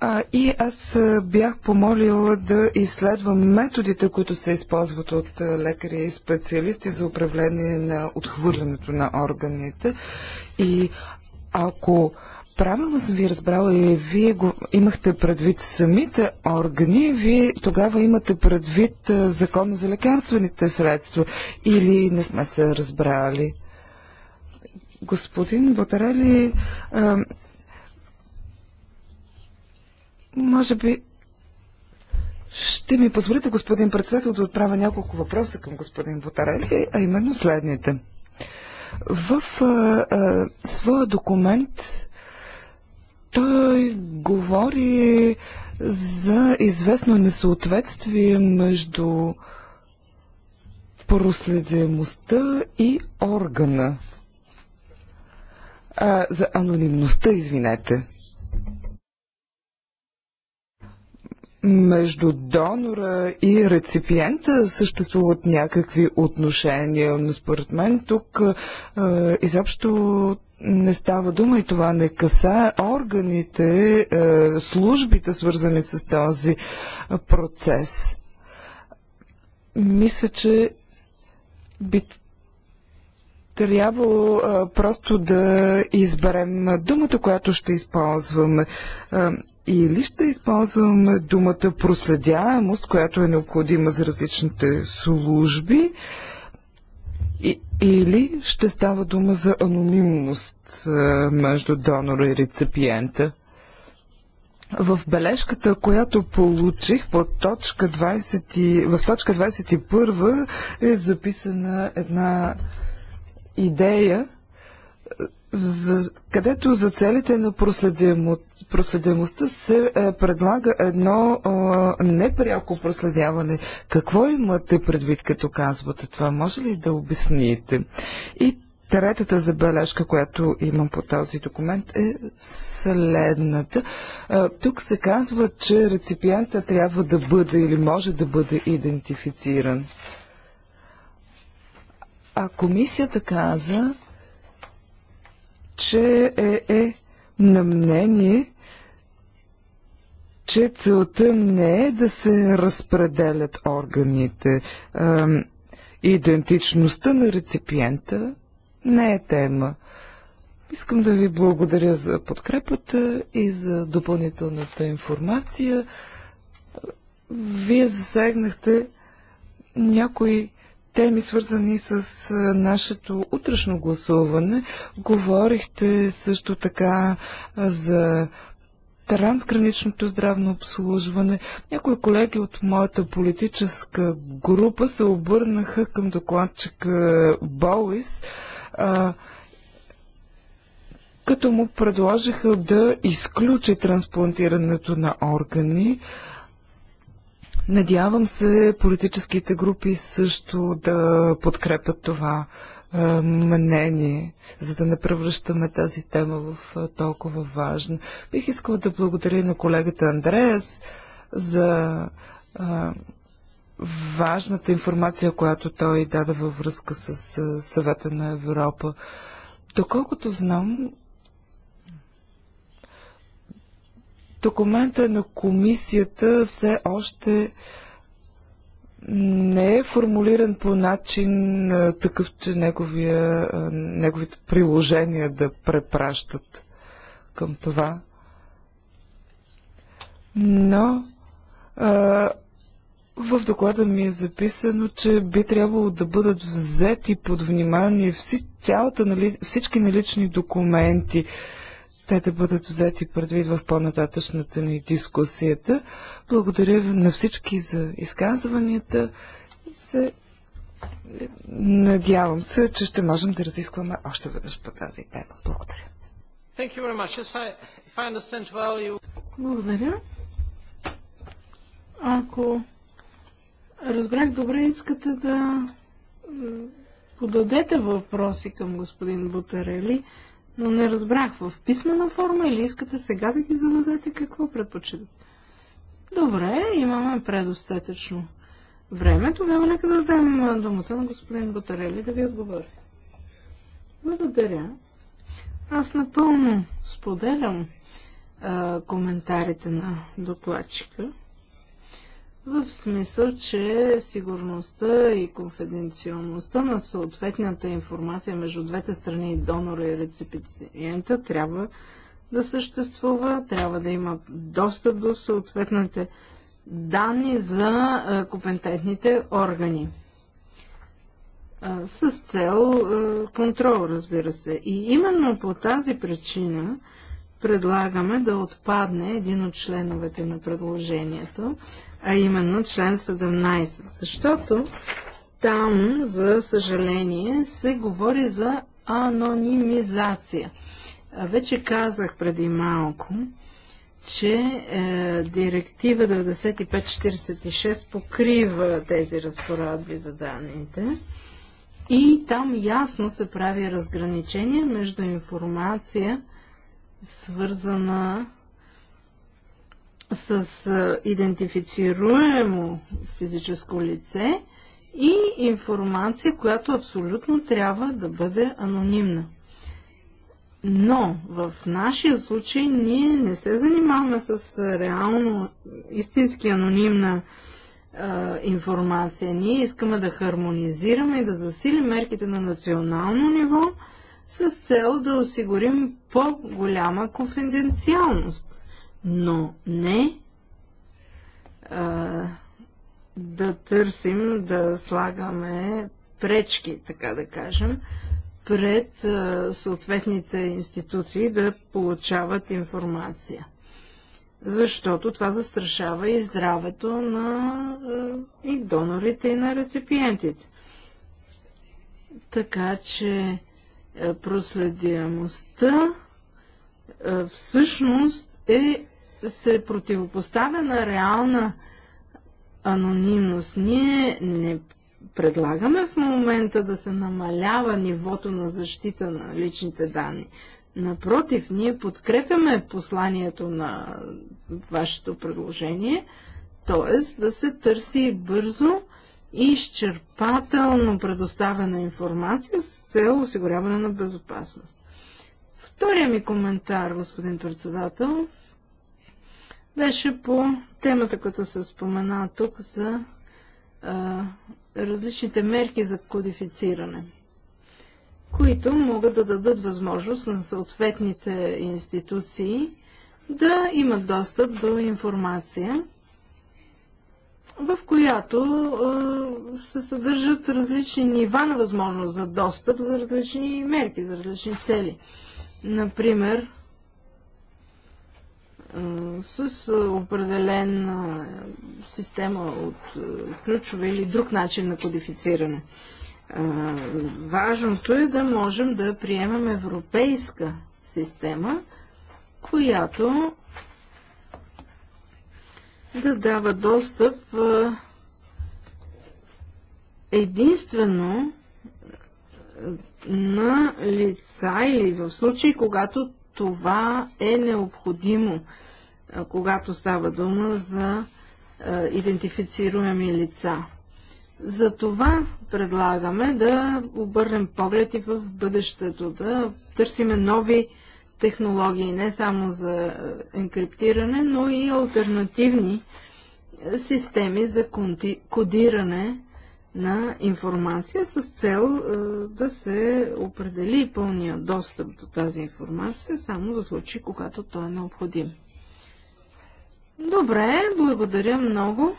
А, и аз бях помолила да изследвам методите, които се използват от лекари и специалисти за управление на отхвърлянето на органите. И ако а, правилно съм ви разбрала и вие го имахте предвид самите органи, вие тогава имате предвид закона за лекарствените средства или не сме се разбрали? Господин Батарели, може би ще ми позволите, господин председател, да отправя няколко въпроса към господин Ботарели, а именно следните. В а, а, своя документ той говори за известно несъответствие между проследимостта и органа. А, за анонимността, извинете. между донора и реципиента съществуват някакви отношения, но според мен тук а, изобщо не става дума и това не касае органите, е, службите, свързани с този е, процес. Мисля, че би трябвало е, просто да изберем думата, която ще използваме. или ще използваме думата проследяемост, която е необходима за различните служби, или ще става дума за анонимност е, между донора и реципиента? В бележката, която получих под точка 20, в точка 21 е записана една идея за, където за целите на проследимостта се е, предлага едно е, непряко проследяване. Какво имате предвид, като казвате това? Може ли да обясните? И Третата забележка, която имам по този документ е следната. Е, Тук се казва, че реципиента трябва да бъде или може да бъде идентифициран. А комисията каза, че е, е на мнение, че целта не е да се разпределят органите. идентичността на реципиента не е тема. Искам да ви благодаря за подкрепата и за допълнителната информация. Вие засегнахте някои теми, свързани с нашето утрешно гласуване. Говорихте също така за трансграничното здравно обслужване. Някои колеги от моята политическа група се обърнаха към докладчик Боуис, като му предложиха да изключи трансплантирането на органи. А, Надявам се политическите групи също да подкрепят това мнение, за да не превръщаме тази тема в толкова важна. Бих искала да благодаря на колегата Андреас за важната информация, която той даде във връзка с съвета на Европа. Доколкото знам, Документа на комисията все още не е формулиран по начин такъв, че неговия, неговите приложения да препращат към това. Но а, в доклада ми е записано, че би трябвало да бъдат взети под внимание цялата, нали, всички налични документи, те да бъдат взети предвид в по-нататъчната ни дискусията. Благодаря на всички за изказванията и се надявам се, че ще можем да разискваме още веднъж по тази тема. Благодаря. Благодаря. Ако разбрах добре, искате да подадете въпроси към господин Бутарели но не разбрах в писмена форма или искате сега да ги зададете какво предпочитате. Добре, имаме предостатъчно време. Тогава нека да дадем думата на господин Готарели да ви отговори. Благодаря. Аз напълно споделям а, коментарите на докладчика в смисъл, че сигурността и конфиденциалността на съответната информация между двете страни, донора и реципиента, трябва да съществува, трябва да има достъп до съответните данни за компетентните органи. С цел контрол, разбира се. И именно по тази причина предлагаме да отпадне един от членовете на предложението, а именно член 17. Защото там, за съжаление, се говори за анонимизация. Вече казах преди малко, че е, директива 9546 покрива тези разпоредби за данните и там ясно се прави разграничение между информация, свързана с идентифицируемо физическо лице и информация, която абсолютно трябва да бъде анонимна. Но в нашия случай ние не се занимаваме с реално, истински анонимна а, информация. Ние искаме да хармонизираме и да засилим мерките на национално ниво с цел да осигурим по-голяма конфиденциалност но не а, да търсим да слагаме пречки, така да кажем, пред а, съответните институции да получават информация. Защото това застрашава и здравето на а, и донорите, и на реципиентите. Така че проследяемостта всъщност е се противопоставя на реална анонимност. Ние не предлагаме в момента да се намалява нивото на защита на личните данни. Напротив, ние подкрепяме посланието на вашето предложение, т.е. да се търси бързо и изчерпателно предоставена информация с цел осигуряване на безопасност. Втория ми коментар, господин председател, беше по темата, като се спомена тук за а, различните мерки за кодифициране, които могат да дадат възможност на съответните институции да имат достъп до информация, в която а, се съдържат различни нива на възможност за достъп за различни мерки, за различни цели. Например, с определена система от ключове или друг начин на кодифициране. Важното е да можем да приемем европейска система, която да дава достъп единствено на лица или в случай, когато това е необходимо, когато става дума за идентифицируеми лица. За това предлагаме да обърнем поглед и в бъдещето, да търсиме нови технологии, не само за енкриптиране, но и альтернативни системи за кодиране на информация с цел е, да се определи пълния достъп до тази информация, само за случай, когато то е необходим. Добре, благодаря много.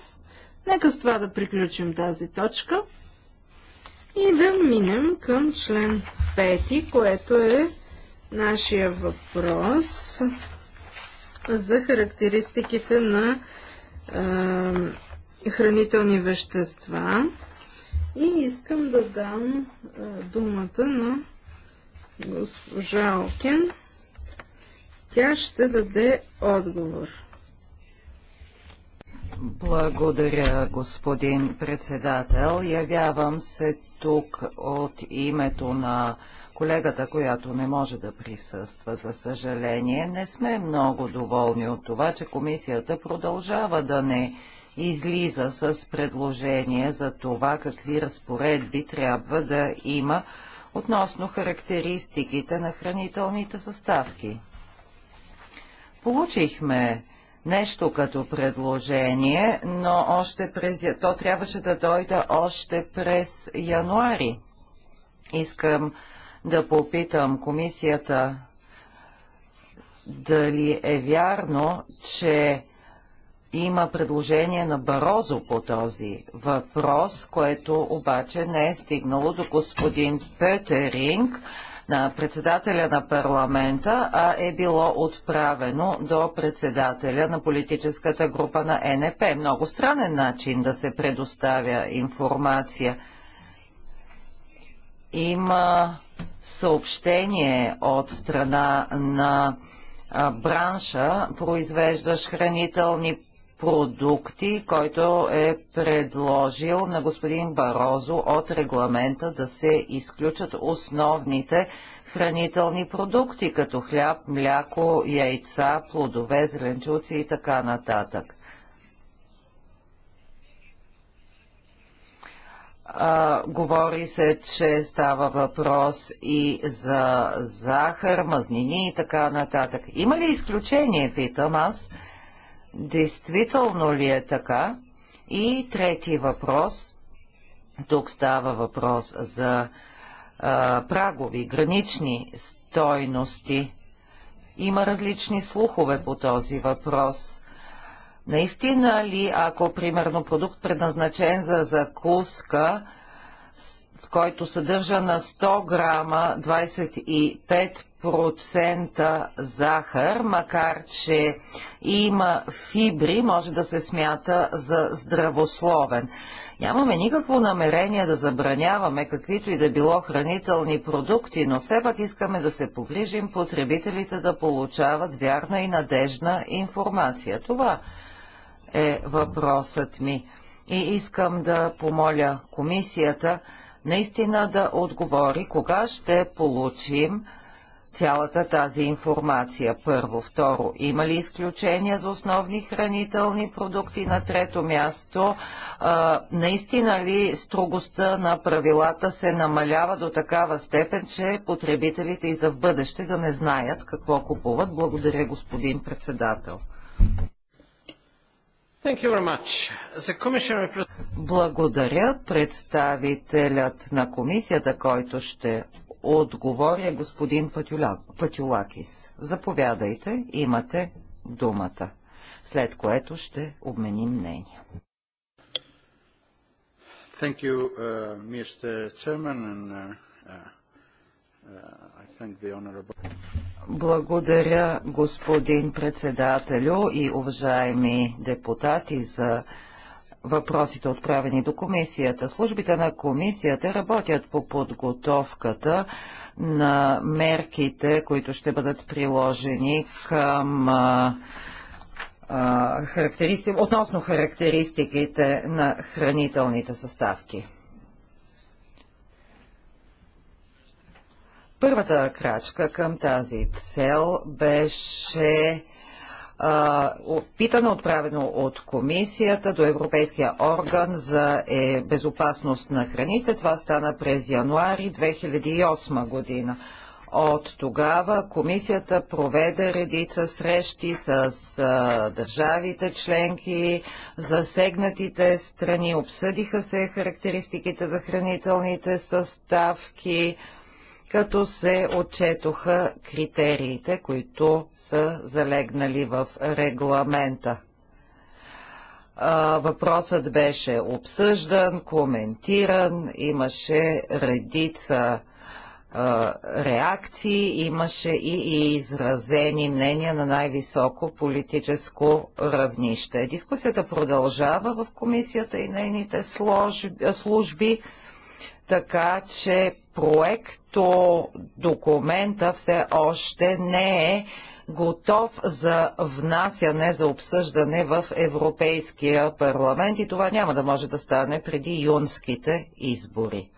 Нека с това да приключим тази точка и да минем към член 5, което е нашия въпрос за характеристиките на е, хранителни вещества. И искам да дам думата на госпожа Окен. Тя ще даде отговор. Благодаря, господин председател. Явявам се тук от името на колегата, която не може да присъства, за съжаление. Не сме много доволни от това, че комисията продължава да не излиза с предложение за това какви разпоредби трябва да има относно характеристиките на хранителните съставки. Получихме нещо като предложение, но още през... то трябваше да дойде още през януари. Искам да попитам комисията дали е вярно, че има предложение на Барозо по този въпрос, което обаче не е стигнало до господин Петеринг, на председателя на парламента, а е било отправено до председателя на политическата група на НП. Много странен начин да се предоставя информация. Има съобщение от страна на бранша, произвеждаш хранителни продукти, който е предложил на господин Барозо от регламента да се изключат основните хранителни продукти, като хляб, мляко, яйца, плодове, зеленчуци и така нататък. А, говори се, че става въпрос и за захар, мазнини и така нататък. Има ли изключение, питам аз, Действително ли е така? И трети въпрос. Тук става въпрос за а, прагови, гранични стойности. Има различни слухове по този въпрос. Наистина ли, ако примерно продукт предназначен за закуска, който съдържа на 100 грама 25 процента захар, макар че има фибри, може да се смята за здравословен. Нямаме никакво намерение да забраняваме каквито и да било хранителни продукти, но все пак искаме да се погрижим потребителите да получават вярна и надежна информация. Това е въпросът ми. И искам да помоля комисията наистина да отговори кога ще получим цялата тази информация? Първо. Второ, има ли изключения за основни хранителни продукти? На трето място, а, наистина ли строгостта на правилата се намалява до такава степен, че потребителите и за в бъдеще да не знаят какво купуват? Благодаря, господин председател. Commissioner... Благодаря представителят на комисията, който ще отговоря господин Патюлакис. Заповядайте, имате думата, след което ще обменим мнение. Thank you, uh, Mr. Chairman, and uh, uh, I thank the honorable... Благодаря, господин председателю и уважаеми депутати, за въпросите, отправени до комисията. Службите на комисията работят по подготовката на мерките, които ще бъдат приложени към а, а, характеристи... относно характеристиките на хранителните съставки. Първата крачка към тази цел беше питане отправено от комисията до Европейския орган за е, безопасност на храните. Това стана през януари 2008 година. От тогава комисията проведе редица срещи с а, държавите членки, засегнатите страни, обсъдиха се характеристиките на хранителните съставки, като се отчетоха критериите, които са залегнали в регламента. Въпросът беше обсъждан, коментиран, имаше редица реакции, имаше и изразени мнения на най-високо политическо равнище. Дискусията продължава в комисията и нейните служби така че проекто документа все още не е готов за внасяне, за обсъждане в Европейския парламент и това няма да може да стане преди юнските избори.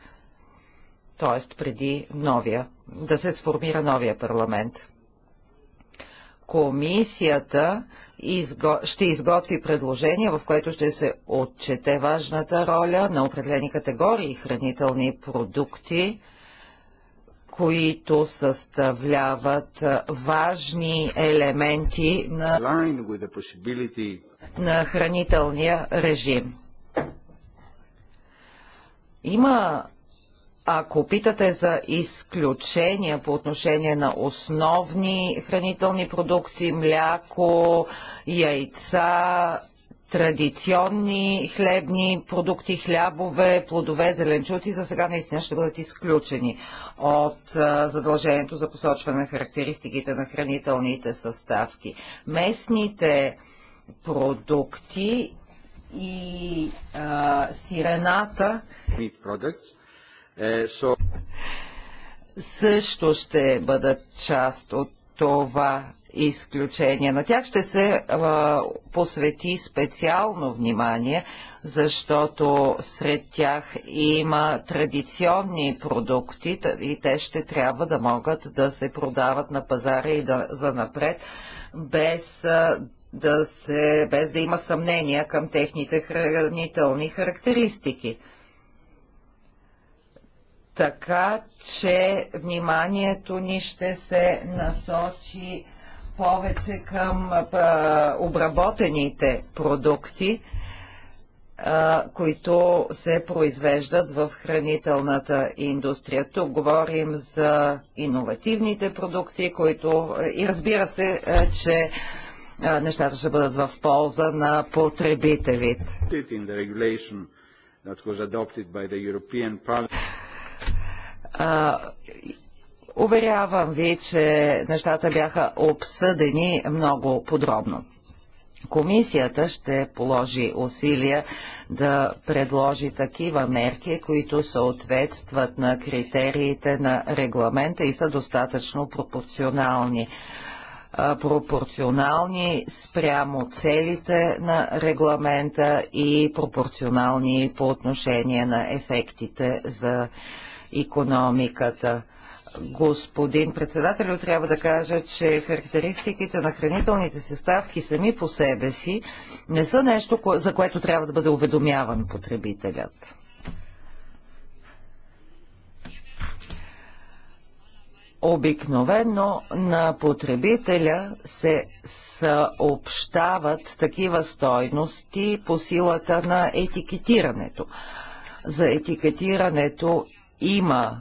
Тоест преди новия, да се сформира новия парламент. Комисията изго... ще изготви предложение, в което ще се отчете важната роля на определени категории хранителни продукти, които съставляват важни елементи на, на хранителния режим. Има ако питате за изключения по отношение на основни хранителни продукти, мляко, яйца, традиционни хлебни продукти, хлябове, плодове, зеленчути за сега наистина ще бъдат изключени от задължението за посочване на характеристиките на хранителните съставки. Местните продукти и а, сирената е, Също ще бъдат част от това изключение. На тях ще се а, посвети специално внимание, защото сред тях има традиционни продукти и те ще трябва да могат да се продават на пазара и да, за напред, без а, да, се, без да има съмнения към техните хранителни характеристики така че вниманието ни ще се насочи повече към обработените продукти, които се произвеждат в хранителната индустрия. Тук говорим за иновативните продукти, които и разбира се, че нещата ще бъдат в полза на потребителите. А Уверявам ви, че нещата бяха обсъдени много подробно. Комисията ще положи усилия да предложи такива мерки, които съответстват на критериите на регламента и са достатъчно пропорционални. Пропорционални спрямо целите на регламента и пропорционални по отношение на ефектите за економиката. Господин председател, трябва да кажа, че характеристиките на хранителните съставки сами по себе си не са нещо, за което трябва да бъде уведомяван потребителят. Обикновено на потребителя се съобщават такива стойности по силата на етикетирането. За етикетирането има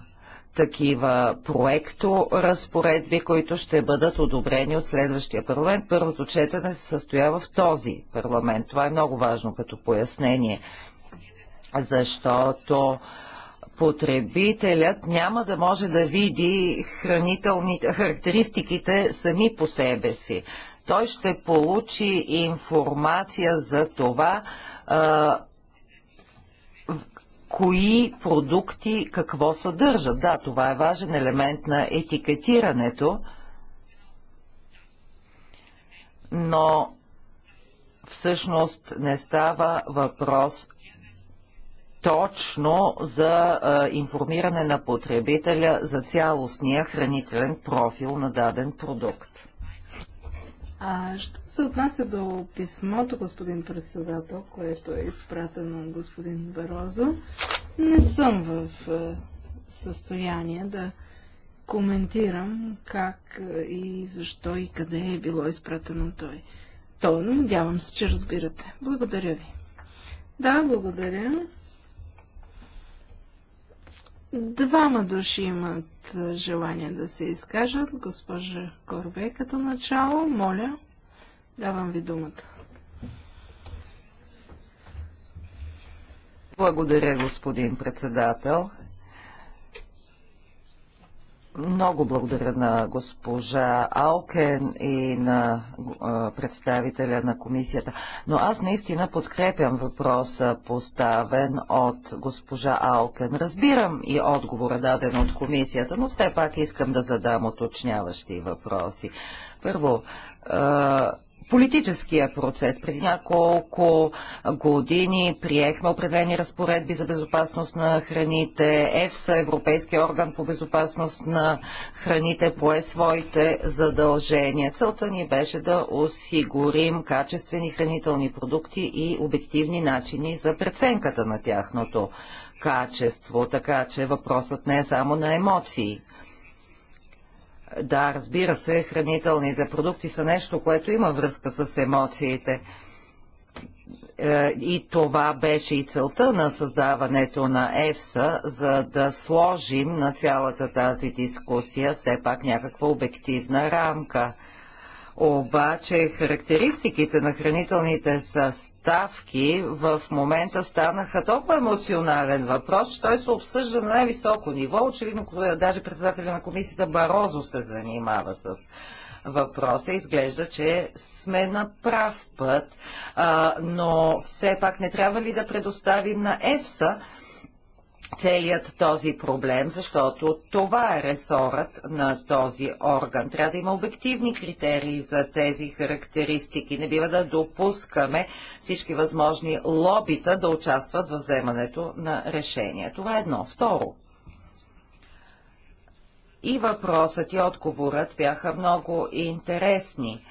такива проекто разпоредби, които ще бъдат одобрени от следващия парламент. Първото четене се състоява в този парламент. Това е много важно като пояснение, защото потребителят няма да може да види хранителните характеристиките сами по себе си. Той ще получи информация за това, кои продукти какво съдържат. Да, това е важен елемент на етикетирането, но всъщност не става въпрос точно за а, информиране на потребителя за цялостния хранителен профил на даден продукт. А що се отнася до писмото, господин председател, което е изпратено от господин Барозо, не съм в е, състояние да коментирам как е, и защо и къде е било изпратено той. То, надявам се, че разбирате. Благодаря ви. Да, благодаря. Двама души имат желание да се изкажат. Госпожа Корбе, като начало, моля, давам ви думата. Благодаря, господин председател. Много благодаря на госпожа Алкен и на представителя на комисията. Но аз наистина подкрепям въпроса, поставен от госпожа Алкен. Разбирам и отговора даден от комисията, но все пак искам да задам уточняващи въпроси. Първо, политическия процес. Преди няколко години приехме определени разпоредби за безопасност на храните. ЕФСА, Европейския орган по безопасност на храните, пое своите задължения. Целта ни беше да осигурим качествени хранителни продукти и обективни начини за преценката на тяхното качество, така че въпросът не е само на емоции. Да, разбира се, хранителните продукти са нещо, което има връзка с емоциите. Е, и това беше и целта на създаването на ЕФСА, за да сложим на цялата тази дискусия все пак някаква обективна рамка. Обаче характеристиките на хранителните съставки в момента станаха толкова емоционален въпрос, че той се обсъжда на най-високо ниво. Очевидно, е, даже председателя на комисията Барозо се занимава с въпроса. Изглежда, че сме на прав път, а, но все пак не трябва ли да предоставим на ЕФСА целият този проблем, защото това е ресорът на този орган. Трябва да има обективни критерии за тези характеристики. Не бива да допускаме всички възможни лобита да участват в вземането на решение. Това е едно. Второ. И въпросът и отговорът бяха много интересни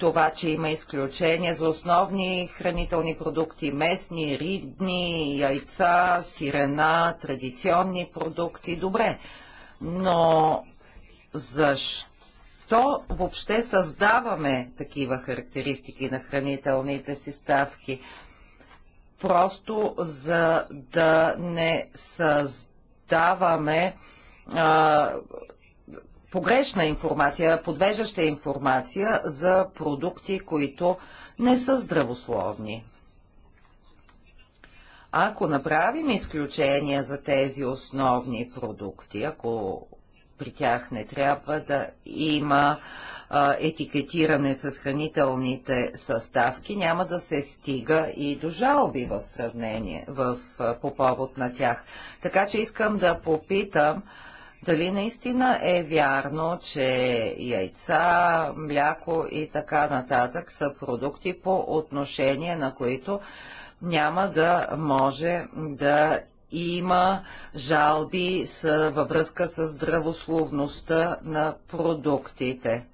това, че има изключения за основни хранителни продукти, местни, рибни, яйца, сирена, традиционни продукти, добре. Но защо въобще създаваме такива характеристики на хранителните си ставки? Просто за да не създаваме а, погрешна информация, подвеждаща информация за продукти, които не са здравословни. Ако направим изключение за тези основни продукти, ако при тях не трябва да има а, етикетиране с хранителните съставки, няма да се стига и до жалби в сравнение в, по повод на тях. Така че искам да попитам, дали наистина е вярно, че яйца, мляко и така нататък са продукти по отношение на които няма да може да има жалби във връзка с здравословността на продуктите.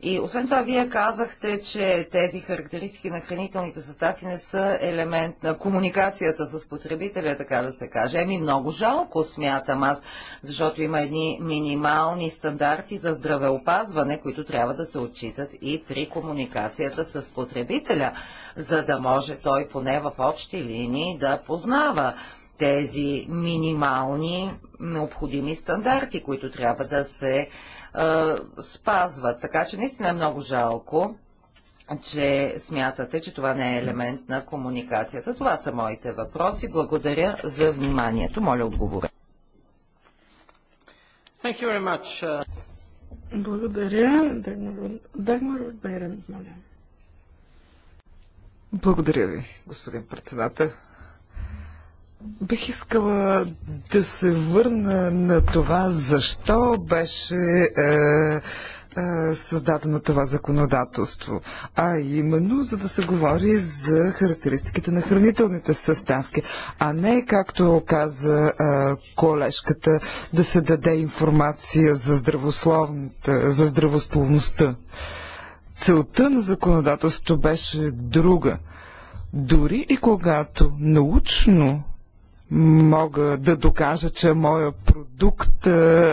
И освен това, вие казахте, че тези характеристики на хранителните съставки не са елемент на комуникацията с потребителя, така да се каже. Еми много жалко, смятам аз, защото има едни минимални стандарти за здравеопазване, които трябва да се отчитат и при комуникацията с потребителя, за да може той поне в общи линии да познава тези минимални необходими стандарти, които трябва да се спазват. Така че наистина е много жалко, че смятате, че това не е елемент на комуникацията. Това са моите въпроси. Благодаря за вниманието. Моля отговоря. Thank you very much. Uh, Благодаря. Дагмар Берен, моля. Благодаря ви, господин председател. Бих искала да се върна на това, защо беше е, е, създадено това законодателство. А именно, за да се говори за характеристиките на хранителните съставки, а не, както каза е, колежката, да се даде информация за, за здравословността. Целта на законодателството беше друга. Дори и когато научно мога да докажа, че моя продукт а,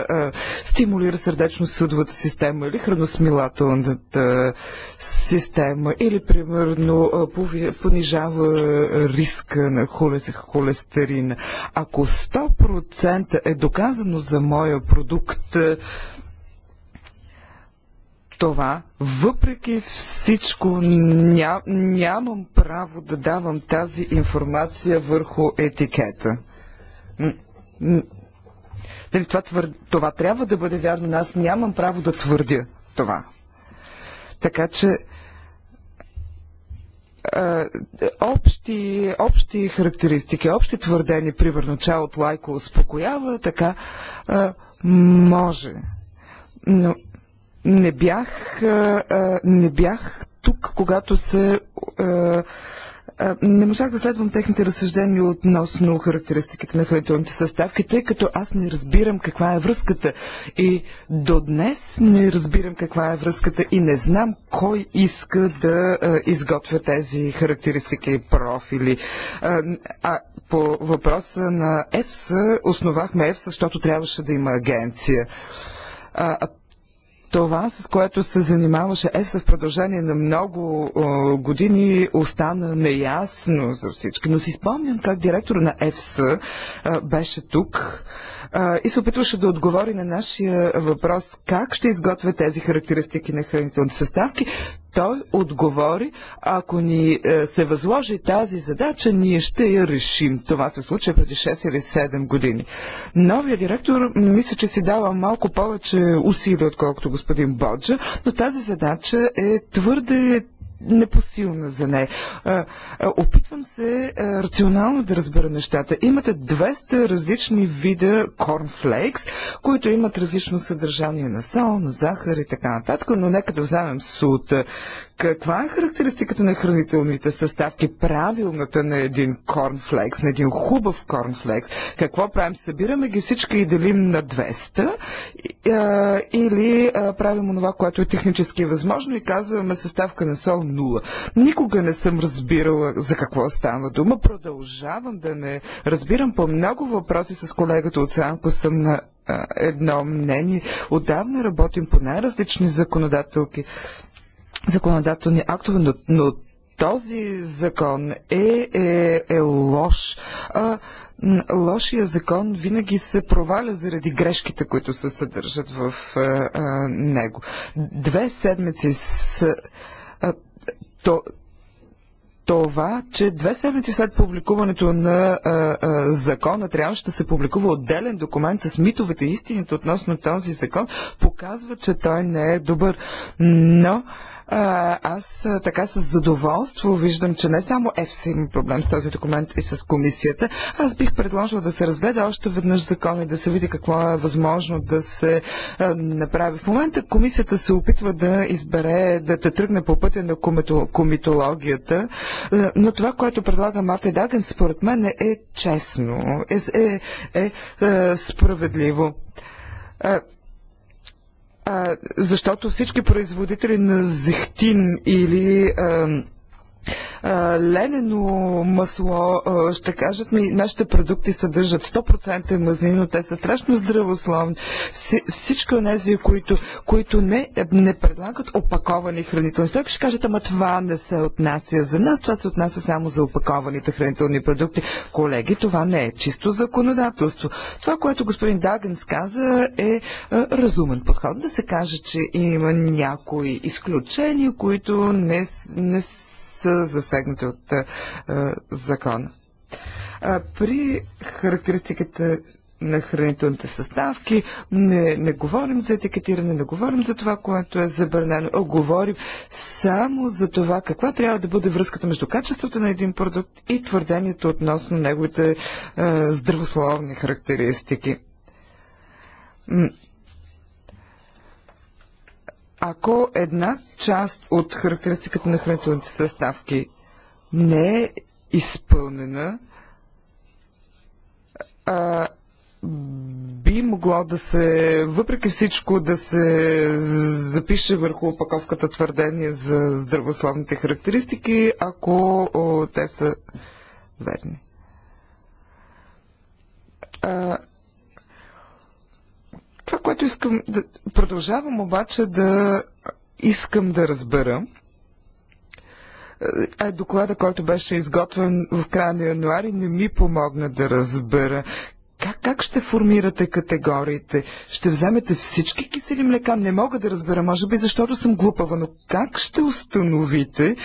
а, стимулира сърдечно-съдовата система или храносмилателната система или примерно а, понижава риска на холестерин. Ако 100% е доказано за моя продукт, а, това, въпреки всичко, ня, нямам право да давам тази информация върху етикета. Дали, това, твър... това трябва да бъде вярно. Аз нямам право да твърдя това. Така че общи, общи характеристики, общи твърдени, примерно, че от лайко успокоява, така може. Но не бях, не бях тук, когато се не можах да следвам техните разсъждения относно характеристиките на хранителните съставки, тъй като аз не разбирам каква е връзката. И до днес не разбирам каква е връзката и не знам кой иска да изготвя тези характеристики и профили. А по въпроса на ЕФСА, основахме ЕФСА, защото трябваше да има агенция. А, това, с което се занимаваше ЕФСА в продължение на много е, години, остана неясно за всички. Но си спомням как директор на ЕФСА е, беше тук и се опитваше да отговори на нашия въпрос как ще изготвя тези характеристики на хранителните съставки. Той отговори, ако ни е, се възложи тази задача, ние ще я решим. Това се случи преди 6 или 7 години. Новия директор мисля, че си дава малко повече усилия, отколкото господин Боджа, но тази задача е твърде непосилна за нея. Опитвам се рационално да разбера нещата. Имате 200 различни вида корнфлейкс, които имат различно съдържание на сол, на захар и така нататък, но нека да вземем сута каква е характеристиката на хранителните съставки, правилната на един корнфлекс, на един хубав корнфлекс? Какво правим? Събираме ги всички и делим на 200 а, или а, правим онова, което е технически възможно и казваме съставка на сол 0. Никога не съм разбирала за какво става дума. Продължавам да не разбирам по много въпроси с колегата от Санко съм на едно мнение. Отдавна работим по най-различни законодателки, законодателни актове, но, но този закон е, е, е лош. А, лошия закон винаги се проваля заради грешките, които се съдържат в а, е, а, е, него. Две седмици с. А, то, това, че две седмици след публикуването на а, е, а, закона трябваше да се публикува отделен документ с митовете и истините относно този закон, показва, че той не е добър. Но аз така с задоволство виждам, че не само ЕФС има проблем с този документ и с комисията. Аз бих предложил да се разгледа още веднъж закона и да се види какво е възможно да се направи. В момента комисията се опитва да избере, да те тръгне по пътя на комитологията, но това, което предлага Марта Даген, според мен е, е честно, е, е, е, е справедливо защото всички производители на зехтин или а, ленено масло, ще кажат ми, нашите продукти съдържат 100% но те са страшно здравословни. Всички от тези, които, които не, не предлагат опаковани хранителни стоки, ще кажат, ама това не се отнася за нас, това се отнася само за опакованите хранителни продукти. Колеги, това не е чисто законодателство. Това, което господин Дагенс каза, е разумен подход. Да се каже, че има някои изключения, които не, не са засегнати от е, е, закона. При характеристиката на хранителните съставки, не, не говорим за етикетиране, не говорим за това, което е забранено, а говорим само за това каква трябва да бъде връзката между качеството на един продукт и твърдението относно неговите е, здравословни характеристики ако една част от характеристиката на хранителните съставки не е изпълнена, а, би могло да се, въпреки всичко, да се запише върху опаковката твърдение за здравословните характеристики, ако о, те са верни. А, това, което искам да продължавам обаче да искам да разбера, е, е доклада, който беше изготвен в края на януари, не ми помогна да разбера как, как ще формирате категориите? Ще вземете всички кисели млека? Не мога да разбера, може би защото съм глупава, но как ще установите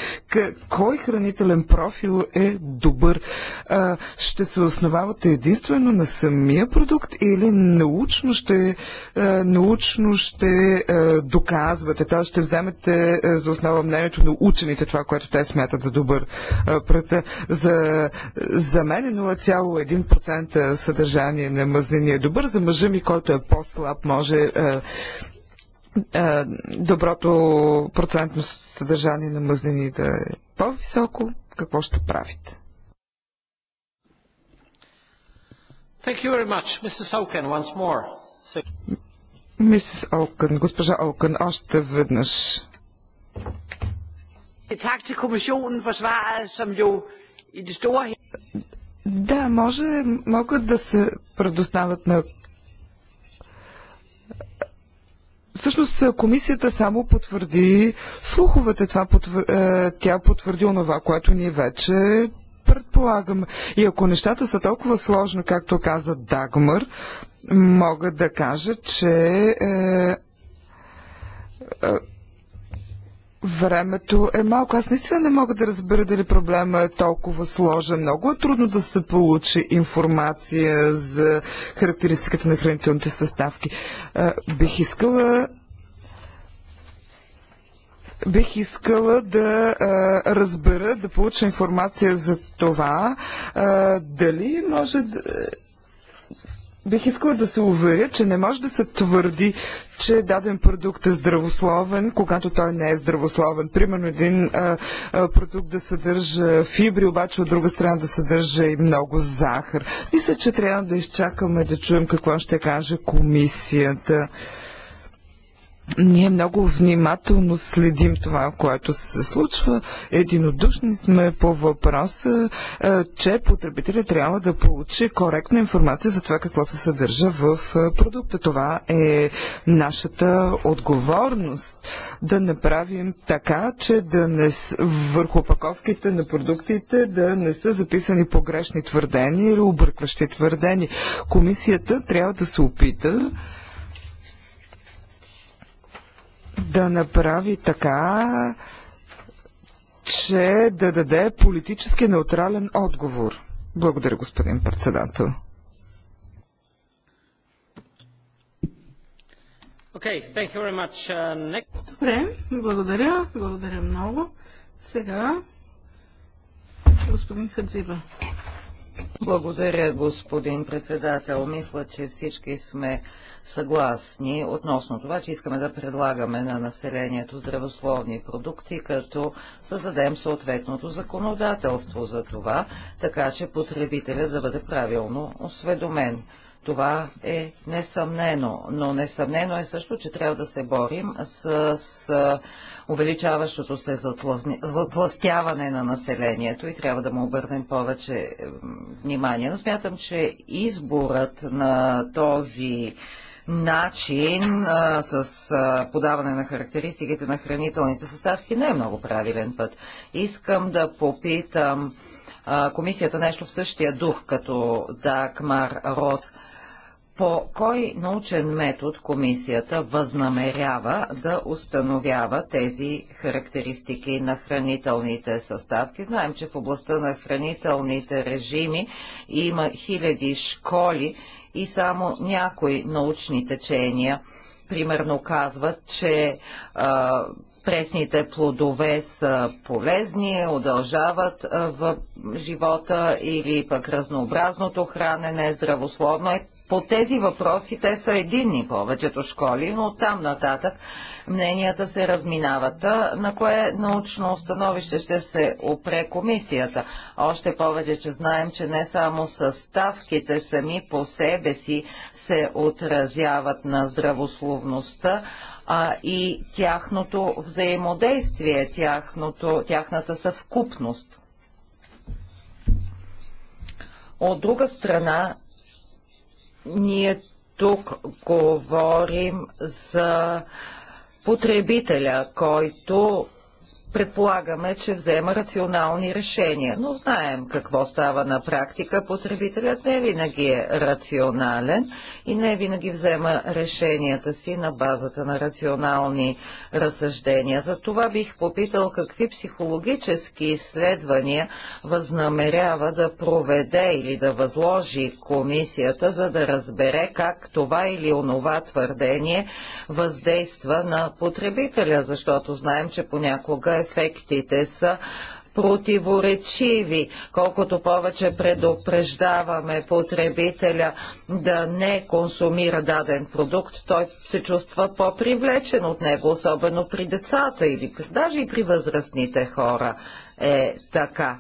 кой хранителен профил е добър? А, ще се основавате единствено на самия продукт или научно ще, а, научно ще а, доказвате, т.е. ще вземете а, за основа мнението на учените, това, което те смятат за добър? А, пред, за, за мен е 0,1% съдържание съдържание на мазнини е добър, за мъжа ми, който е по-слаб, може е, е, доброто процентно съдържание на мазнини да е по-високо, какво ще правите? Thank you very much. Mrs. Oaken, once more. Мисис Олкън, госпожа Олкън, още веднъж. Tak til kommissionen for svaret, som jo i det store да, може, могат да се предоставят на Всъщност комисията само потвърди слуховете. Това потвър... Е, тя потвърди онова, което ние вече предполагаме. И ако нещата са толкова сложни, както каза Дагмар, мога да кажа, че е, е, Времето е малко. Аз наистина не мога да разбера дали проблема е толкова сложен. Много е трудно да се получи информация за характеристиката на хранителните съставки. Бих искала бих искала да а, разбера, да получа информация за това, а, дали може да, бих искала да се уверя, че не може да се твърди, че даден продукт е здравословен, когато той не е здравословен. Примерно един а, а, продукт да съдържа фибри, обаче от друга страна да съдържа и много захар. Мисля, че трябва да изчакаме да чуем какво ще каже комисията. Ние много внимателно следим това, което се случва. Единодушни сме по въпроса, е, че потребителят трябва да получи коректна информация за това какво се съдържа в е, продукта. Това е нашата отговорност да направим така, че да не върху опаковките на продуктите да не са записани погрешни твърдения или объркващи твърдения. Комисията трябва да се опита да направи така, че да даде политически неутрален отговор. Благодаря, господин председател. Okay, thank you very much. Uh, next... Добре, благодаря, благодаря много. Сега господин Хадзиба. Благодаря, господин председател. Мисля, че всички сме съгласни относно това, че искаме да предлагаме на населението здравословни продукти, като създадем съответното законодателство за това, така че потребителя да бъде правилно осведомен. Това е несъмнено, но несъмнено е също, че трябва да се борим с, с увеличаващото се затлъзни, затластяване на населението и трябва да му обърнем повече внимание. Но смятам, че изборът на този начин а, с а, подаване на характеристиките на хранителните съставки не е много правилен път. Искам да попитам а, комисията нещо в същия дух, като Дакмар Рот. По кой научен метод комисията възнамерява да установява тези характеристики на хранителните съставки? Знаем, че в областта на хранителните режими има хиляди школи и само някои научни течения, примерно, казват, че а, пресните плодове са полезни, удължават в живота или пък разнообразното хранене, здравословно е по тези въпроси те са единни повечето школи, но оттам нататък мненията се разминават. На кое научно установище ще се опре комисията? Още повече, че знаем, че не само съставките сами по себе си се отразяват на здравословността, а и тяхното взаимодействие, тяхното, тяхната съвкупност. От друга страна, ние тук говорим за потребителя, който предполагаме, че взема рационални решения, но знаем какво става на практика. Потребителят не винаги е рационален и не винаги взема решенията си на базата на рационални разсъждения. За това бих попитал какви психологически изследвания възнамерява да проведе или да възложи комисията, за да разбере как това или онова твърдение въздейства на потребителя, защото знаем, че понякога е ефектите са противоречиви. Колкото повече предупреждаваме потребителя да не консумира даден продукт, той се чувства по-привлечен от него, особено при децата или даже и при възрастните хора е така.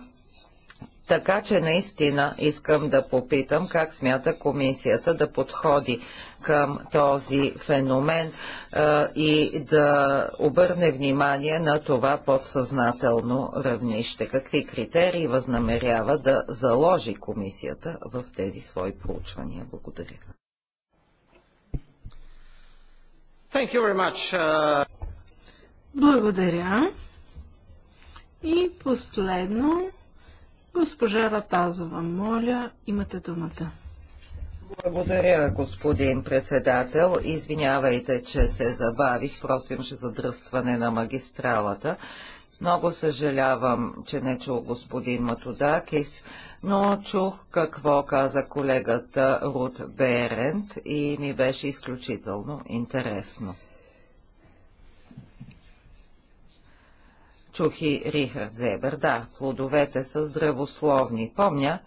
Така че наистина искам да попитам как смята комисията да подходи към този феномен а, и да обърне внимание на това подсъзнателно равнище. Какви критерии възнамерява да заложи комисията в тези свои проучвания? Благодаря. Thank you very much. Uh... Благодаря. И последно Госпожа Ратазова, моля, имате думата. Благодаря, господин председател. Извинявайте, че се забавих, просто имаше задръстване на магистралата. Много съжалявам, че не чух господин Матудакис, но чух какво каза колегата Рут Берент и ми беше изключително интересно. Чухи Рихард Зебър, да, плодовете са здравословни. Помня,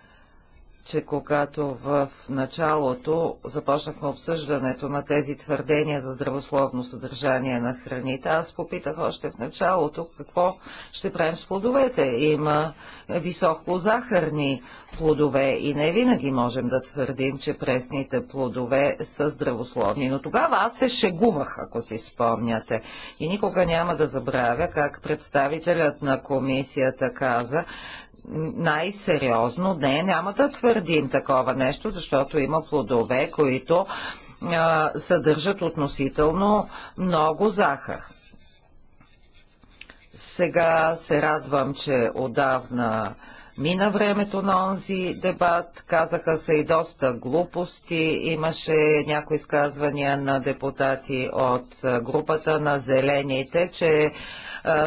че когато в началото започнахме обсъждането на тези твърдения за здравословно съдържание на храните, аз попитах още в началото какво ще правим с плодовете. Има високозахарни плодове и не винаги можем да твърдим, че пресните плодове са здравословни. Но тогава аз се шегувах, ако си спомняте. И никога няма да забравя как представителят на комисията каза, най-сериозно. Не, няма да твърдим такова нещо, защото има плодове, които а, съдържат относително много захар. Сега се радвам, че отдавна мина времето на онзи дебат, казаха се и доста глупости, имаше някои изказвания на депутати от групата на зелените, че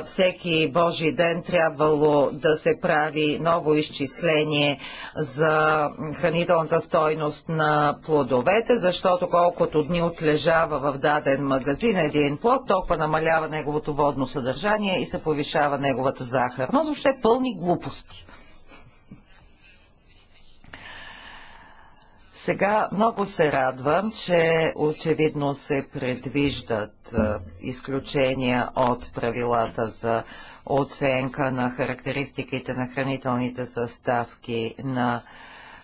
всеки Божий ден трябвало да се прави ново изчисление за хранителната стойност на плодовете, защото колкото дни отлежава в даден магазин един плод, толкова намалява неговото водно съдържание и се повишава неговата захар. Но въобще пълни глупости. Сега много се радвам, че очевидно се предвиждат е, изключения от правилата за оценка на характеристиките на хранителните съставки на храните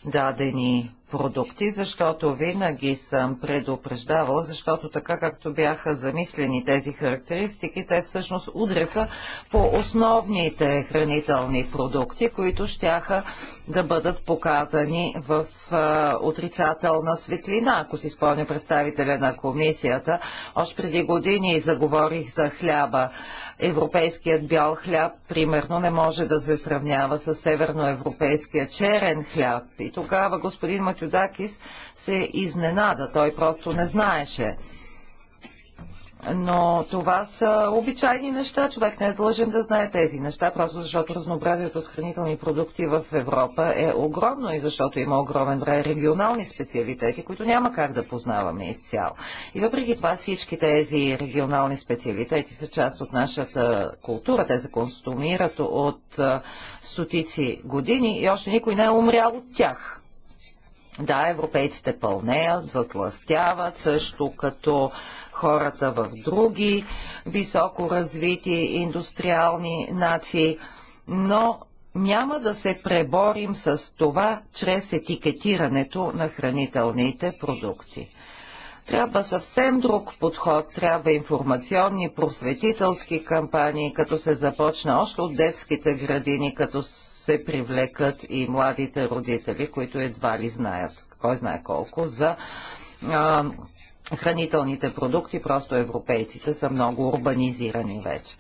дадени продукти, защото винаги съм предупреждавал, защото така както бяха замислени тези характеристики, те всъщност удряха по основните хранителни продукти, които щяха да бъдат показани в а, отрицателна светлина. Ако си спомня представителя на комисията, още преди години заговорих за хляба. Европейският бял хляб, примерно, не може да се сравнява с северноевропейския черен хляб. И тогава господин Матюдакис се изненада. Той просто не знаеше. Но това са обичайни неща. Човек не е длъжен да знае тези неща, просто защото разнообразието от хранителни продукти в Европа е огромно и защото има огромен брой регионални специалитети, които няма как да познаваме изцяло. И въпреки това всички тези регионални специалитети са част от нашата култура. Те се консумират от стотици години и още никой не е умрял от тях. Да, европейците пълнеят, затластяват, също като хората в други високо развити индустриални нации, но няма да се преборим с това чрез етикетирането на хранителните продукти. Трябва съвсем друг подход, трябва информационни, просветителски кампании, като се започна още от детските градини, като се привлекат и младите родители, които едва ли знаят, кой знае колко, за а, хранителните продукти. Просто европейците са много урбанизирани вече.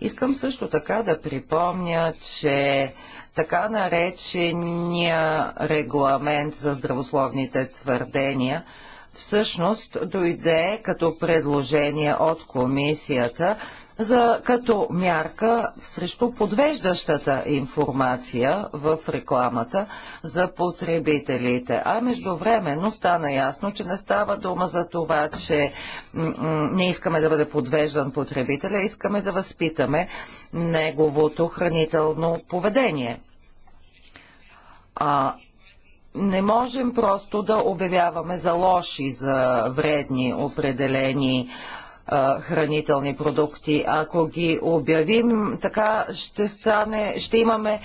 Искам също така да припомня, че така наречения регламент за здравословните твърдения всъщност дойде като предложение от комисията за, като мярка срещу подвеждащата информация в рекламата за потребителите. А междувременно стана ясно, че не става дума за това, че не искаме да бъде подвеждан потребителя, искаме да възпитаме неговото хранително поведение. А, не можем просто да обявяваме за лоши, за вредни определени хранителни продукти. Ако ги обявим, така ще, стане, ще имаме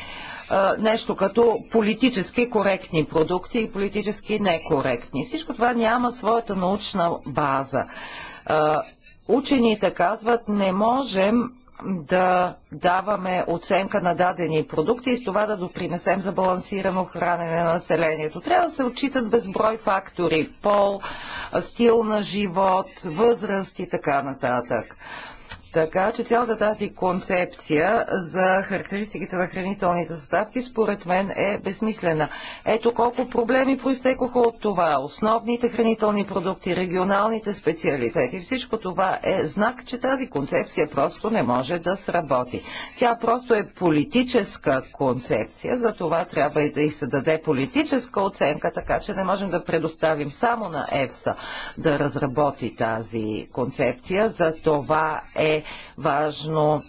нещо като политически коректни продукти и политически некоректни. Всичко това няма своята научна база. учените казват, не можем да даваме оценка на дадени продукти и с това да допринесем за балансирано хранене на населението. Трябва да се отчитат безброй фактори – пол, стил на живот, възраст и така нататък. Така че цялата тази концепция за характеристиките на хранителните съставки според мен е безсмислена. Ето колко проблеми проистекоха от това. Основните хранителни продукти, регионалните специалитети, всичко това е знак, че тази концепция просто не може да сработи. Тя просто е политическа концепция, за това трябва и да и се даде политическа оценка, така че не можем да предоставим само на ЕФСА да разработи тази концепция. За това е важно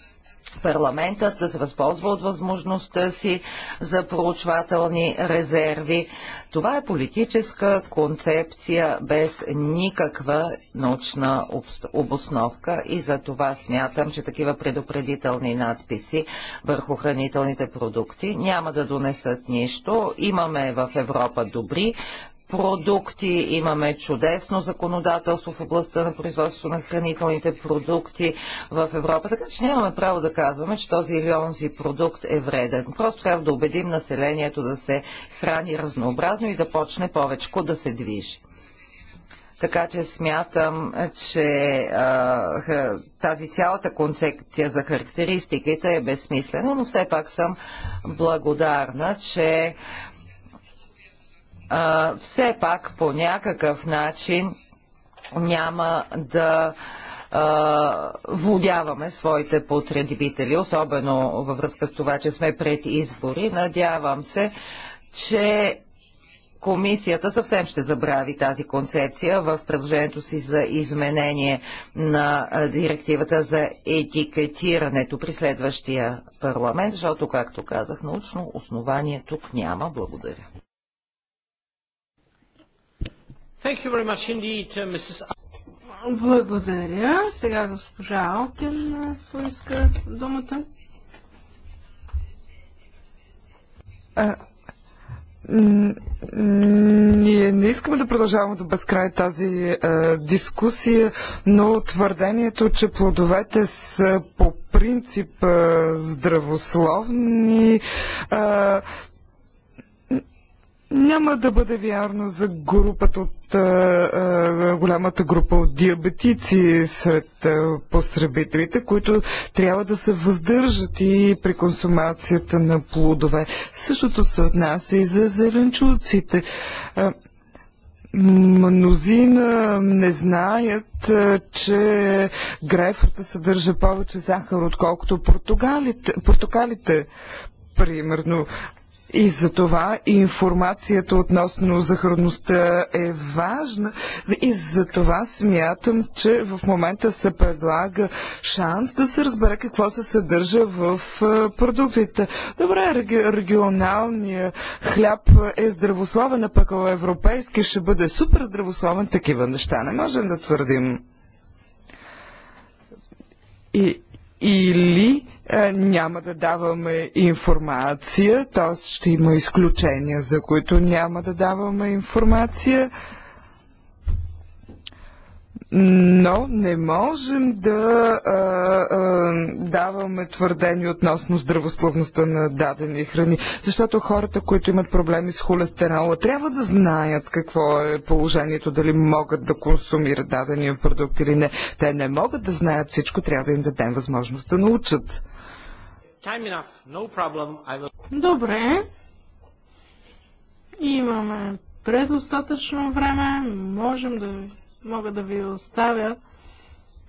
парламентът да се възползва от възможността си за проучвателни резерви. Това е политическа концепция без никаква научна обосновка и за това смятам, че такива предупредителни надписи върху хранителните продукти няма да донесат нищо. Имаме в Европа добри продукти, имаме чудесно законодателство в областта на производството на хранителните продукти в Европа, така че нямаме право да казваме, че този или онзи продукт е вреден. Просто трябва да убедим населението да се храни разнообразно и да почне повече да се движи. Така че смятам, че а, тази цялата концепция за характеристиките е безсмислена, но все пак съм благодарна, че а, все пак по някакъв начин няма да владяваме своите потребители, особено във връзка с това, че сме пред избори. Надявам се, че комисията съвсем ще забрави тази концепция в предложението си за изменение на директивата за етикетирането при следващия парламент, защото, както казах, научно основание тук няма. Благодаря. Indeed, uh, Благодаря. Сега госпожа Алкен поиска думата. А, ние не искаме да продължаваме до безкрай тази дискусия, но твърдението, че плодовете са по принцип здравословни, няма да бъде вярно за групата от голямата група от диабетици сред посребителите, които трябва да се въздържат и при консумацията на плодове. Същото се отнася и за зеленчуците. Мнозина не знаят, че грейпфрута съдържа повече захар, отколкото португалите, портокалите, примерно. И за това информацията относно захарността е важна. И за това смятам, че в момента се предлага шанс да се разбере какво се съдържа в продуктите. Добре, регионалният хляб е здравословен, а пък европейски ще бъде супер здравословен. Такива неща не можем да твърдим. И, или е, няма да даваме информация, т.е. ще има изключения, за които няма да даваме информация но не можем да а, а, даваме твърдение относно здравословността на дадени храни, защото хората, които имат проблеми с холестерола, трябва да знаят какво е положението, дали могат да консумират дадения продукт или не. Те не могат да знаят всичко, трябва да им дадем възможност да научат. Time enough. No problem. I will... Добре. Имаме предостатъчно време. Можем да, мога да ви оставя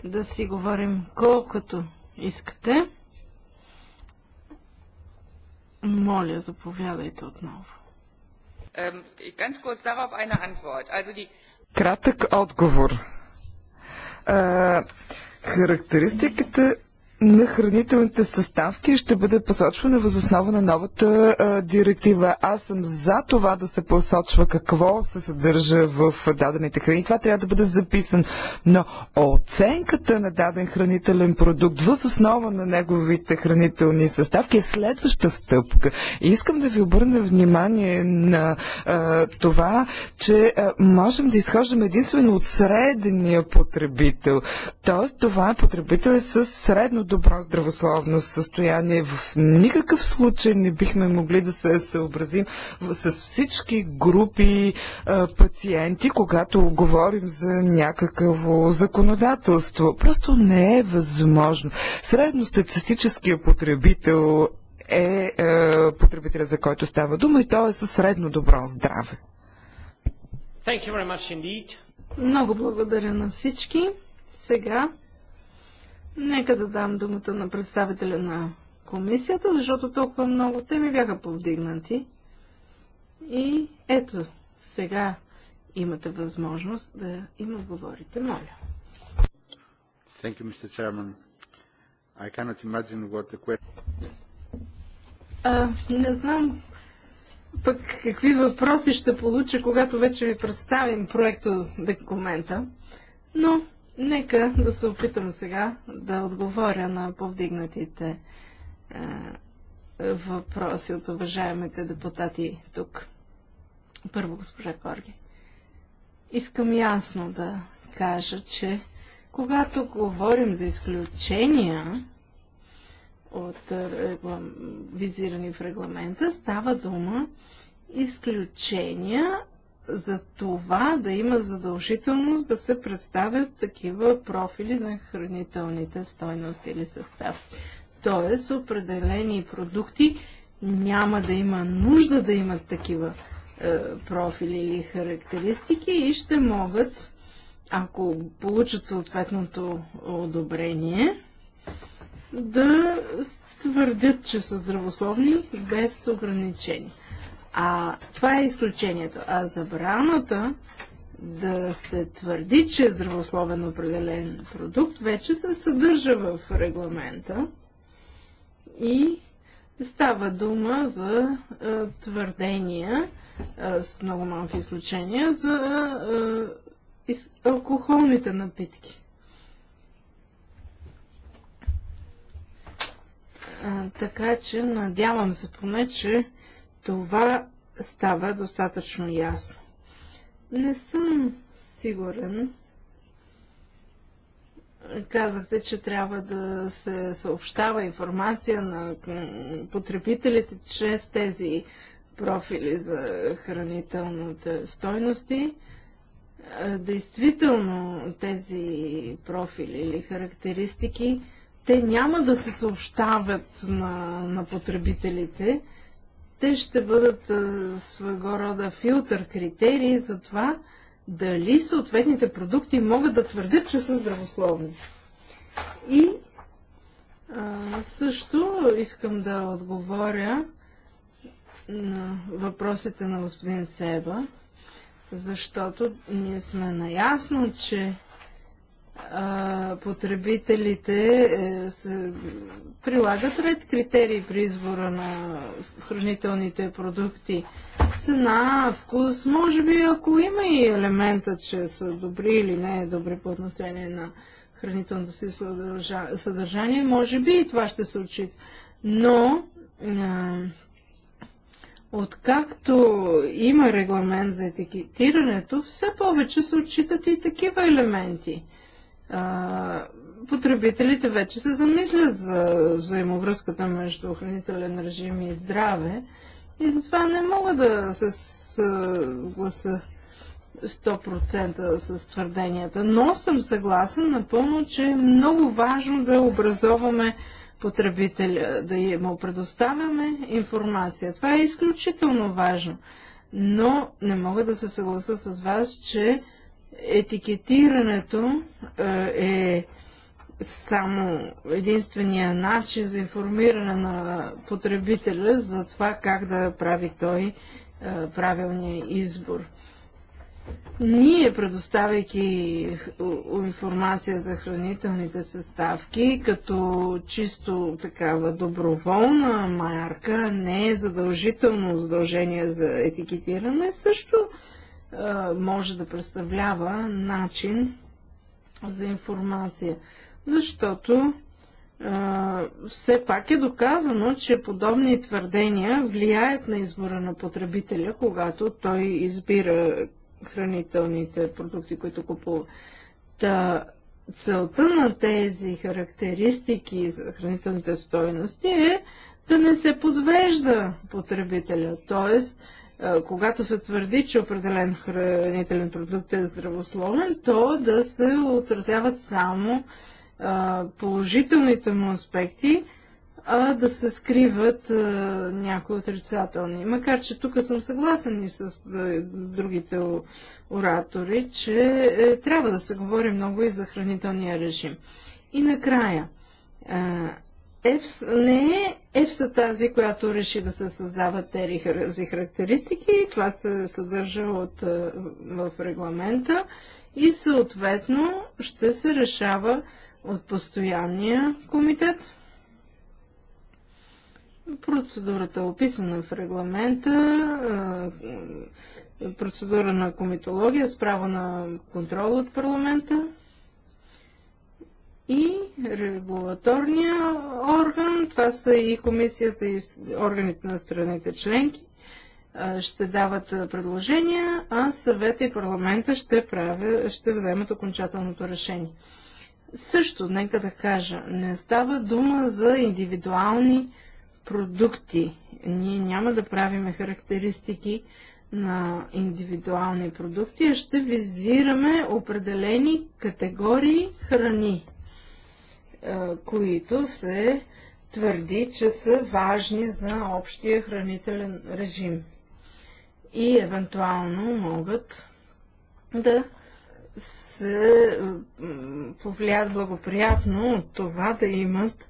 да си говорим колкото искате. Моля, заповядайте отново. Кратък отговор. Е, характеристиката на хранителните съставки ще бъде посочвана възоснова на новата а, директива. Аз съм за това да се посочва какво се съдържа в дадените храни. Това трябва да бъде записано. Но оценката на даден хранителен продукт възоснова на неговите хранителни съставки е следваща стъпка. И искам да ви обърна внимание на а, това, че а, можем да изхождаме единствено от средния потребител. Тоест това потребител е с средно добро здравословно състояние. В никакъв случай не бихме могли да се съобразим с всички групи а, пациенти, когато говорим за някакво законодателство. Просто не е възможно. Средностатистическия потребител е, е потребителя, за който става дума и то е със средно добро здраве. Много благодаря на всички. Сега Нека да дам думата на представителя на комисията, защото толкова много теми бяха повдигнати. И ето, сега имате възможност да им отговорите. Моля. Thank you, Mr. Chairman. I cannot imagine what the question... А, не знам пък какви въпроси ще получа, когато вече ви представим проекто документа, но Нека да се опитам сега да отговоря на повдигнатите е, въпроси от уважаемите депутати тук. Първо, госпожа Корги. Искам ясно да кажа, че когато говорим за изключения от визирани в регламента, става дума изключения за това да има задължителност да се представят такива профили на хранителните стойности или състав. Тоест, определени продукти няма да има нужда да имат такива е, профили или характеристики и ще могат, ако получат съответното одобрение, да твърдят, че са здравословни без ограничения. А това е изключението. А забраната да се твърди, че е здравословен определен продукт, вече се съдържа в регламента и става дума за е, твърдения, е, с много малки изключения, за е, из, алкохолните напитки. така че надявам се поне, че това става достатъчно ясно. Не съм сигурен. Казахте, че трябва да се съобщава информация на потребителите чрез тези профили за хранителните стойности. Е, действително тези профили или характеристики, те няма да се съобщават на, на потребителите, те ще бъдат своего рода филтър, критерии за това дали съответните продукти могат да твърдят, че са здравословни. И а, също искам да отговоря на въпросите на господин Себа, защото ние сме наясно, че а, потребителите е, се, прилагат ред критерии при избора на хранителните продукти. Цена, вкус, може би ако има и елемента, че са добри или не добри по отношение на хранителното си съдържа, съдържание, може би и това ще се отчита. Но а, Откакто има регламент за етикетирането, все повече се отчитат и такива елементи а, потребителите вече се замислят за взаимовръзката между хранителен режим и здраве и затова не мога да се гласа 100% с твърденията, но съм съгласен напълно, че е много важно да образоваме потребителя, да му предоставяме информация. Това е изключително важно. Но не мога да се съгласа с вас, че етикетирането е само единствения начин за информиране на потребителя за това как да прави той е, правилния избор. Ние, предоставяйки информация за хранителните съставки, като чисто такава доброволна марка, не е задължително задължение за етикетиране, също е, може да представлява начин за информация. Защото а, все пак е доказано, че подобни твърдения влияят на избора на потребителя, когато той избира хранителните продукти, които купува. Та, целта на тези характеристики, за хранителните стойности е да не се подвежда потребителя, т.е когато се твърди, че определен хранителен продукт е здравословен, то да се отразяват само положителните му аспекти, а да се скриват някои отрицателни. Макар, че тук съм съгласен и с другите оратори, че е, трябва да се говори много и за хранителния режим. И накрая, ЕФС не е ЕФСА е тази, която реши да се създава тези характеристики. Това се съдържа от, е, в регламента и съответно ще се решава от постоянния комитет. Процедурата е описана в регламента, е, процедура на комитология, право на контрол от парламента и регулаторния орган, това са и комисията и органите на страните членки, ще дават предложения, а съвета и парламента ще, прави, ще вземат окончателното решение. Също, нека да кажа, не става дума за индивидуални продукти. Ние няма да правиме характеристики на индивидуални продукти, а ще визираме определени категории храни които се твърди, че са важни за общия хранителен режим и евентуално могат да се повлият благоприятно от това да имат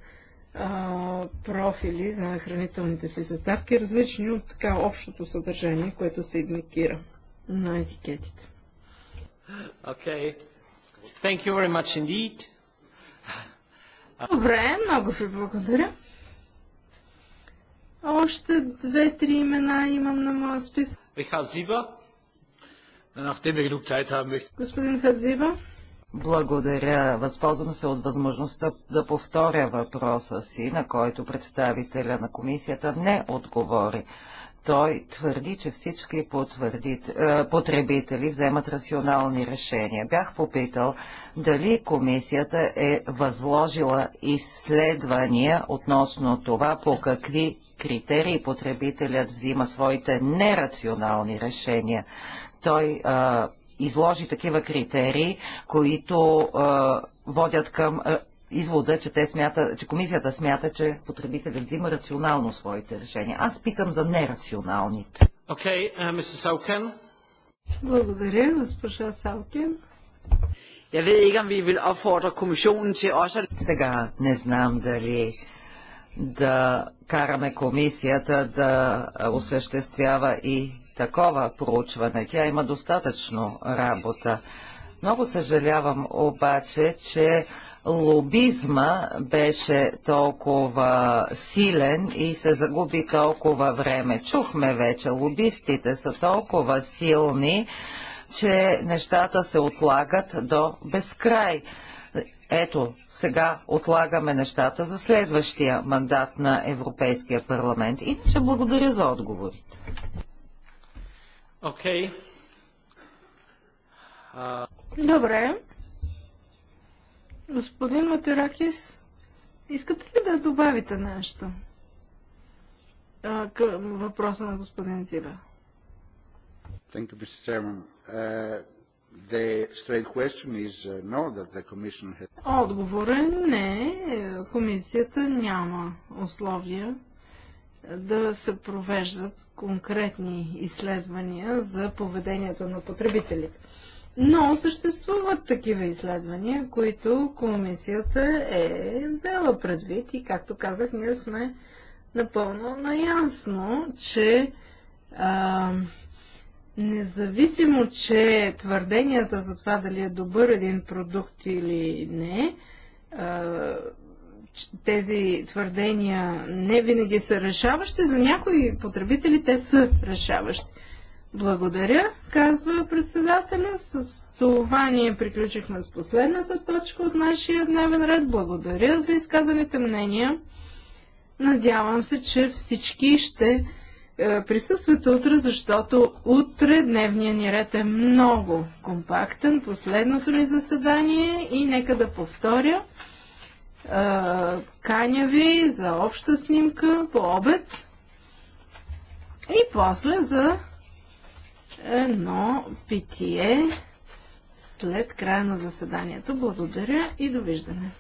профили за хранителните си съставки, различни от така общото съдържание, което се индикира на етикетите. Okay. Thank you very much indeed. Добре, много ви благодаря. Още две-три имена имам на моя списък. Ами. Господин Хадзиба. Благодаря. Възползвам се от възможността да повторя въпроса си, на който представителя на комисията не отговори той твърди, че всички е, потребители вземат рационални решения. Бях попитал дали комисията е възложила изследвания относно това по какви критерии потребителят взима своите нерационални решения. Той а, е, изложи такива критерии, които а, е, водят към извода, че, те смята, че комисията смята, че потребителят взима рационално своите решения. Аз питам за нерационалните. Okay, uh, Благодаря, госпожа Салкин. Я ved ikke, om vi vil opfordre kommissionen til også... Сега не знам дали да караме комисията да осъществява и такова проучване. Тя има достатъчно работа. Много съжалявам обаче, че лобизма беше толкова силен и се загуби толкова време. Чухме вече, лобистите са толкова силни, че нещата се отлагат до безкрай. Ето, сега отлагаме нещата за следващия мандат на Европейския парламент. И ще благодаря за отговорите. Okay. Uh... Добре. Господин Матеракис, искате ли да добавите нещо а, към въпроса на господин Зиба? Thank you, Mr. Chairman. Uh, the straight question is uh, no, that the Commission has... Отговор е не. Комисията няма условия да се провеждат конкретни изследвания за поведението на потребителите. Но съществуват такива изследвания, които комисията е взела предвид и, както казах, ние сме напълно наясно, че а, независимо, че твърденията за това дали е добър един продукт или не, а, тези твърдения не винаги са решаващи, за някои потребители те са решаващи. Благодаря, казва председателя. С това ние приключихме с последната точка от нашия дневен ред. Благодаря за изказаните мнения. Надявам се, че всички ще е, присъстват утре, защото утре дневния ни ред е много компактен. Последното ни заседание и нека да повторя. Е, каня ви за обща снимка по обед и после за едно питие след края на заседанието. Благодаря и довиждане.